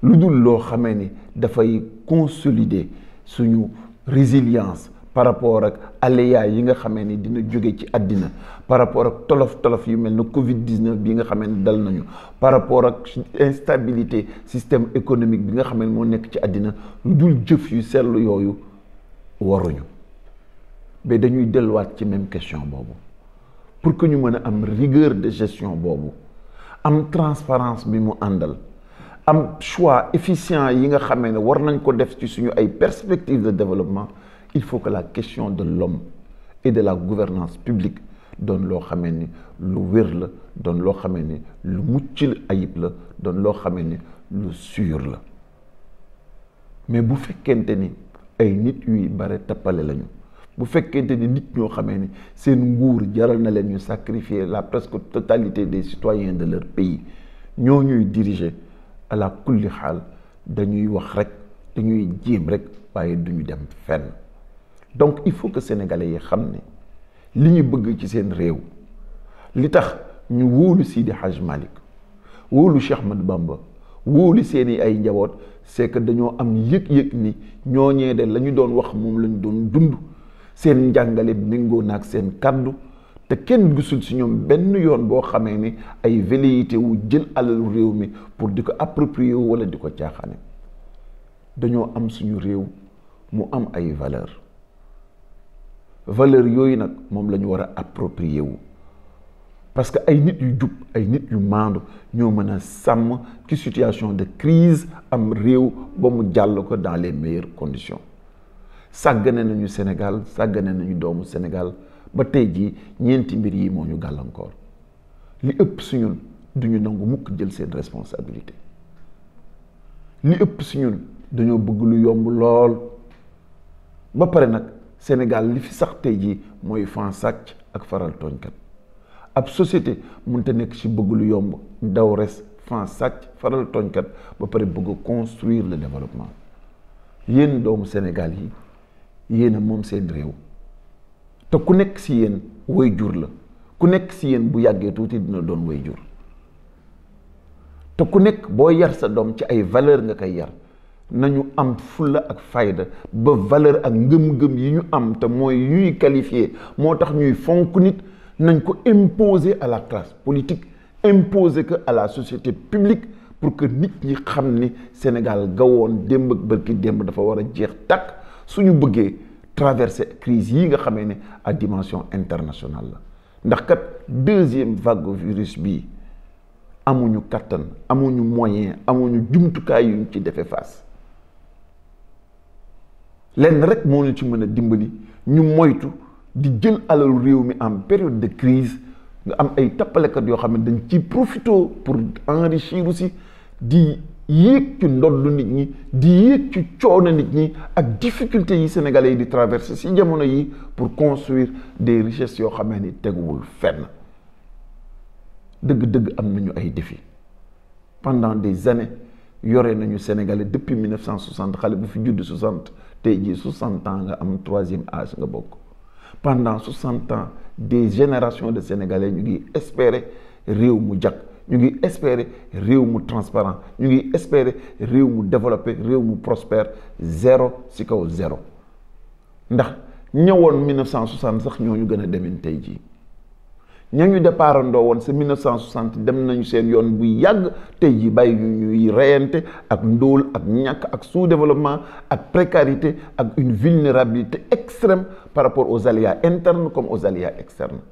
lu dul loo xamee ni consolider suñu résilience par rapport à aléa yi nga xamé ni dina ci par rapport à tolof Covid 19 bi nga dal nañu par rapport ak instabilité système économique bi nga xamé ni nek ci adina mais dañuy même question pour que ñu am rigueur de gestion Une am transparence bi mu am choix efficient yi nga xamé ni war nañ de développement il faut que la question de l'homme et de la gouvernance publique donnent lo xamee lu wér la donne lo xamee lu muccil ayib la donne lo lu sûr la mais bu fekkente ni ay nit yuy bare tapalé lañu bu fekkente ni nit ñoo xamee ni seen nguur jaral na leen ñu sacrifier la presque totalité des citoyens de leur pays ñoo ñuy diriger à la kulli xaal dañuy wax rek dañuy jéem rek waaye duñu dem fenn donc il faut que sénégalais yi xam ne li ñu bëgg ci seen réew li tax ñu wóolu Sidi Hadj Malick wóolu Cheikh Ahmadou Bamba wóolu seeni ay njaboot c'est dañoo am yëg-yëg ni ñoo de la ñu doon wax moom la doon dund seen njàngale méngoo ak seen kàddu te kenn gisul si ñoom benn yoon boo xamee ni ay velléité wu jël alalu réew mi pour di ko approprier wala di ko caaxaane dañoo am suñu réew mu am ay valeur valeur yooyu nag moom la ñu war a wu parce que ay nit yu jub ay nit yu maandu ñoo mën a sàmm ci situation de crise am réew ba mu jàll ko dans les meilleures conditions sàggane nañu Sénégal sàggane nañu doomu Sénégal ba tey jii ñeenti mbir yi moo ñu gàllankoor li ëpp si duñu du nangu mukk jël seen responsabilité li ëpp si dañoo bëgg lu yomb lool ba pare nag. Sénégal li fi sax tay ji moy fan sàcc ak faral tooñkat ab société mënta nek ci bëgg lu yomb daw res fan sàcc faral tooñkat ba pare bëgg construire le développement yéen doomu Sénégal yi yéen mom moom seen réew te ku nek ci yéen way jur la ku nek ci yéen bu yagge touti dina doon way jur te ku nek boo yar sa dom ci ay valeur nga kay yar nañu am fulla ak fayda ba valeur ak ngeum ngeum yi ñu am te moy yuy qualifier motax ñuy fonk nit nañ ko imposer à la classe politique imposer que à la société publique pour que nit ñi xam Sénégal gawoon demb ak barki demb dafa wara a jeex takk suñu bëggé traverser crise yi nga xamee à dimension internationale la ndax kat deuxième vague virus bi amuñu kattan amuñu moyen amuñu jumtukaay yuñ ci défé face lenn rek mo ñu ci mëna dimbali ñu moytu di jël alal réew mi en période de crise nga am ay tappalekat yoo xam ne dañ ci profito pour enrichir aussi di yéeg ci ndoddu nit ñi di yéeg ci coono nit ñi ak difficulté yi sénégalais yi di traverser ci jamono yi pour construire des richesses yo xam ni teguwul fenn deug deug am nañu ay défi pendant des années yoré nañu sénégalais depuis 1960 xale bu fi judd 60 tu 60 ans, tu as troisième âge. Pendant 60 ans, des générations de Sénégalais nous espéraient Rio Moudjak. Nous espéraient Rio transparent. Nous espérons Rio Mou développé, Rio Mou prospère. Zéro, c'est zéro. Nous en 1960, nous avons faire un débat ña ñu départandoo won ci 1960 dem nañu seen yoon bu nous tay ji bay ñuy réenté ak ndóol ak ñak ak sous-développement ak précarité ak une vulnérabilité extrême par rapport aux aléas internes comme aux aléas externes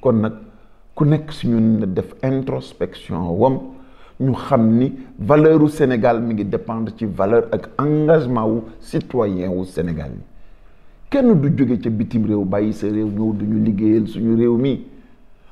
kon nak ku nekk ci ñun def introspection wam ñu xam ni valeur du Sénégal mi ngi dépendre ci valeur ak engagement wu citoyen au Sénégal quest kenn du jóge ca bitim réew bàyyi sa réew ñëw duñu liggéeyal suñu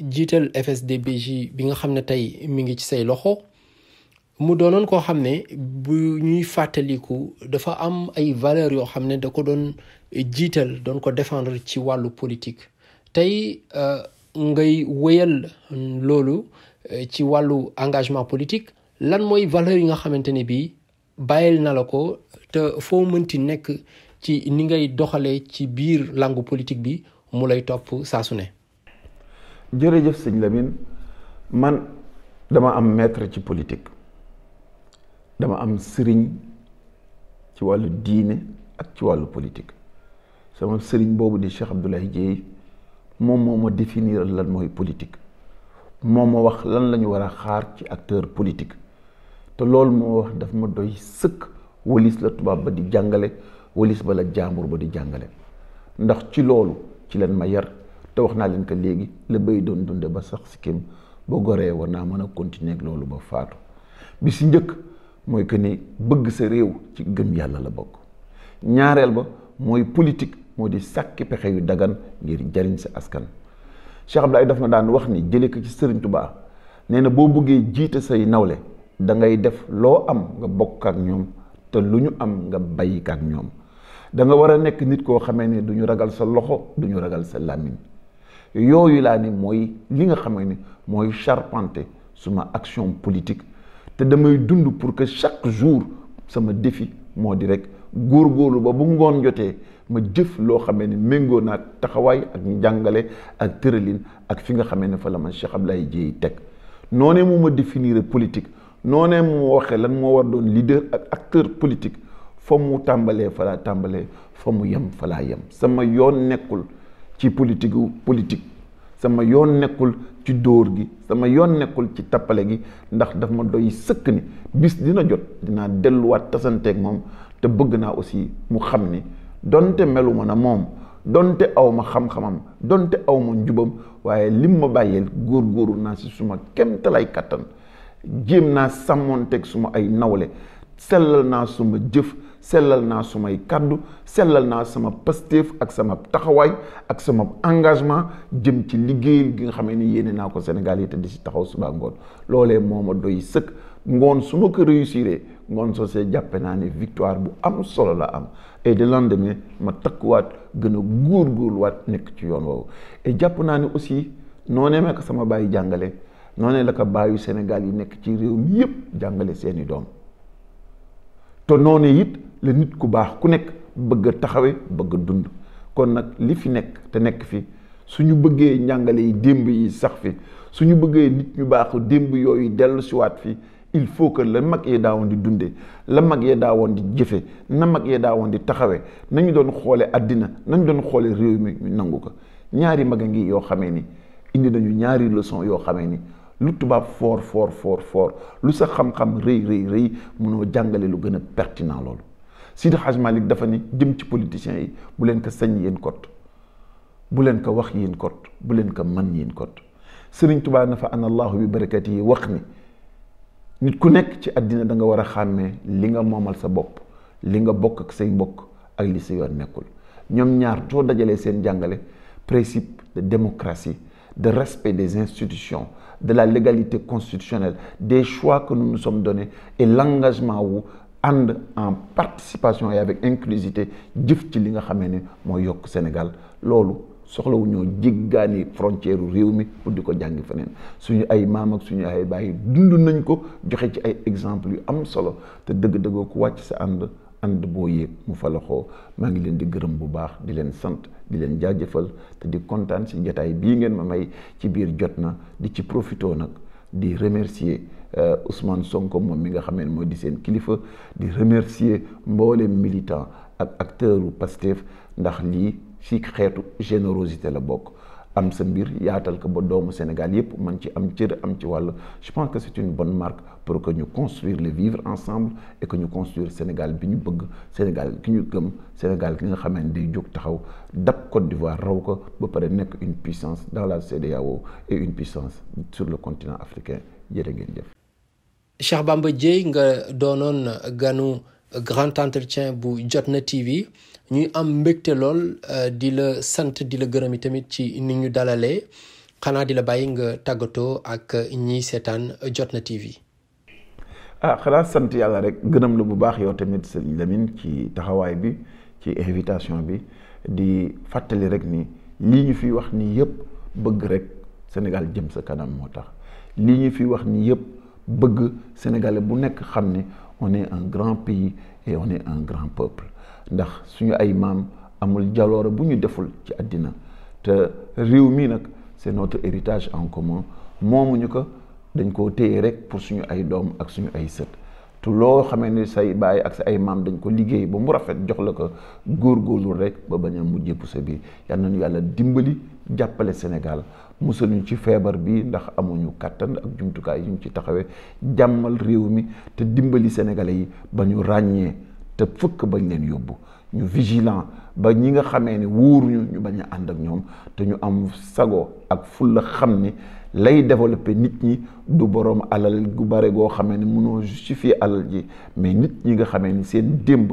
jiital FSD/BJ bi nga xam ne tey mu ngi ci say loxo mu doonoon koo xam ne bu ñuy fàttaliku dafa am ay valeurs yoo xam ne da ko doon jiital doon ko défendre ci wàllu politique tey euh, ngay wéyal loolu euh, ci wàllu engagement politique lan mooy valeurs yi nga xamante ne bii bàyyil na la ko te foo mënti nekk ci ni ngay doxalee ci biir langue politique bi mu lay topp saasu ne jërëjëf sëñ Lamine man dama am maître ci politique dama am sëriñ ci wàllu diine ak ci wàllu politique sama sëriñ boobu di Cheikh Abdoulaye Dieye moom moo ma définir lan mooy politique moo ma wax lan la ñu war a xaar ci acteur politique te loolu moo wax daf ma doy sëkk walis la tubaab ba di jàngale walis ba la jaambur ba di jàngale ndax ci loolu ci leen ma yar te wax naa leen que léegi la bay doon dunde ba sax sikkim boo goree war naa mën a continuer ak loolu ba faatu bi si njëkk mooy que ni bëgg sa réew ci gëm yàlla la bokk ñaareel ba mooy politique moo di sàkki pexe yu dagan ngir jariñ sa askan Cheikh Abdoulaye daf na daan wax ni jëlee ko ci Serigne Touba nee na boo bëggee jiite say nawle da ngay def loo am nga bokk ak ñoom te lu ñu am nga bàyyi ak ñoom danga war a nekk nit koo xamee ne du ñu ragal sa loxo du ragal sa làmmiñ yooyu laa ni mooy li nga xamee ni mooy charpenter suma action politique te damay dund pour que chaque jour sama défi moo di rek góorgóorlu ba bu ngoon jotee ma jëf loo xamee ni méngoo naa taxawaay ak njàngale ak tëralin ak fi nga xamee ne fa la ma Cheikh lay Dièye teg noonee mu ma définir politique noonee mu waxee lan moo war doon leader ak acteur politique fa mu tàmbalee fa laa tàmbalee fa mu yem fa laa yem sama yoon nekkul ci politique gu politique sama yoon nekkul ci dóor gi sama yoon nekkul ci tappale gi ndax daf ma doy sëkk ni bis dina jot dinaa delluwaat tasanteeg moom te bëgg naa aussi mu xam ni donte meluma na moom donte awma ma xam-xamam donte awma njubam waaye lim ma bàyyeel góor-góoru naa si suma kemtalay kàttan jéem naa sàmmoonteeg suma ay nawle sellal naa suma jëf sellal naa sumay kàddu sellal naa sama pastéef ak sama taxawaay ak sama engagement jëm ci liggéeyal gi nga xamee ni yéene naa ko Sénégal yi te di si taxaw suba ngoon loolee moo ma doy sëkk ngoon su ma ko réussiree ngoon soo see jàppe naa ne victoire bu am solo la am et de lendemain ma takkuwaat gën a góor góorluwaat nekk ci yoon woowu et jàpp naa ne aussi noonee ma ko sama bàyyi jàngale noonee la ko bàyyi Sénégal yi nekk ci réew mi yëpp jàngale seeni doom le nit ku baax ku nekk bëgg taxawe dund kon nag li fi te nekk fi suñu bëggee njàngale yi yi sax fi suñu bëggee nit ñu il faut que le mag yee daawoon di dundee la mag yee daawoon di jëfe na mag yee daawoon di nañu doon xoole nañu doon xoole réew mi ñu ñaari mag a ngi ni indi nañu ñaari leçon yoo xamee ni lu tubaab lu sa xam-xam Sidi Haj Malik dafa ni dim ci politiciens yi bu len ko sañ yeen cote bu len ko wax yeen cote bu len ko man yeen cote serigne touba nafa an allahu bi barakati yi wax ni nit ku nek ci adina da nga wara xamé li nga momal sa bop li nga bok ak say bok ak li sa yoon ñaar to dajalee sen jangalé principe de démocratie de respect des institutions de la légalité constitutionnelle des choix que nous nous sommes donnés et l'engagement où. And en participation et avec inclusivité jëf ci li nga xamé ni mo yok Sénégal lolu soxla wuñu jéggaani frontière rewmi pour ko jàngi suñu ay maam ak suñu ay nañ ko ci ay exemple yu am solo te dëgg ko wacc sa mu fa di te di si bi ngeen ma may ci di ci di remercier euh, Ousmane Sonko mom mi nga xam ne moo di seen kilifa di remercier mboolem militant ak acteur Pastef ndax lii ci xétu générosité la bok am sa mbir yaatal ko ba doomu Sénégal yépp man ci am ciir am ci wàll je pense que c'est une bonne marque pour que ñu construire le vivre ensemble et que ñu construire Sénégal bi ñu bëgg Sénégal ki ñu gëm Sénégal ki nga xam ne day jóg taxaw dab Côte d'Ivoire raw ko ba pare nekk une puissance dans la CEDEAO et une puissance sur le continent africain yére ngeen jëf. Cheikh Bamba nga grand entretien pour Jotna TV ñuy am lol euh, di le sante di le gërëm tamit ci ni ñu dalalé xana di la nga ak ñi TV. ah rek bu invitation bi di fatali rek ni li fi wax ni yëpp bëgg rek Sénégal jëm sa kanam tax fi wax ni bëgg sénégalais bu nekk xam ne on est un grand pays et on est un grand peuple ndax suñu ay maam amul jaloore bu ñu deful ci àddina te réew mii nag c'est notre héritage en commun ñu ko dañ koo téye rek pour suñu ay doom ak suñu ay sët te loo xamee ne say baay ak sa ay maam dañ ko liggéey ba mu rafet jox la ko góorgóorlu rek ba bañ a mujjee sa bi yal nañu yàlla dimbali jàppale Sénégal musal ñu ci feebar bi ndax amuñu kàttan ak jumtukaay yu ñu ci taxawee jàmmal réew mi te dimbali sénégalais yi ba ñu ràññee te fëkk bañ leen yóbbu ñu vigilant ba ñi nga xamee ne wóoruñu ñu bañ a ànd ak ñoom te ñu am sago ak fulla xam ni lay développé nit ñi du boroom alal gu bare goo xamee ne mënoo justifier alal ji mais nit ñi nga xamee ni seen démb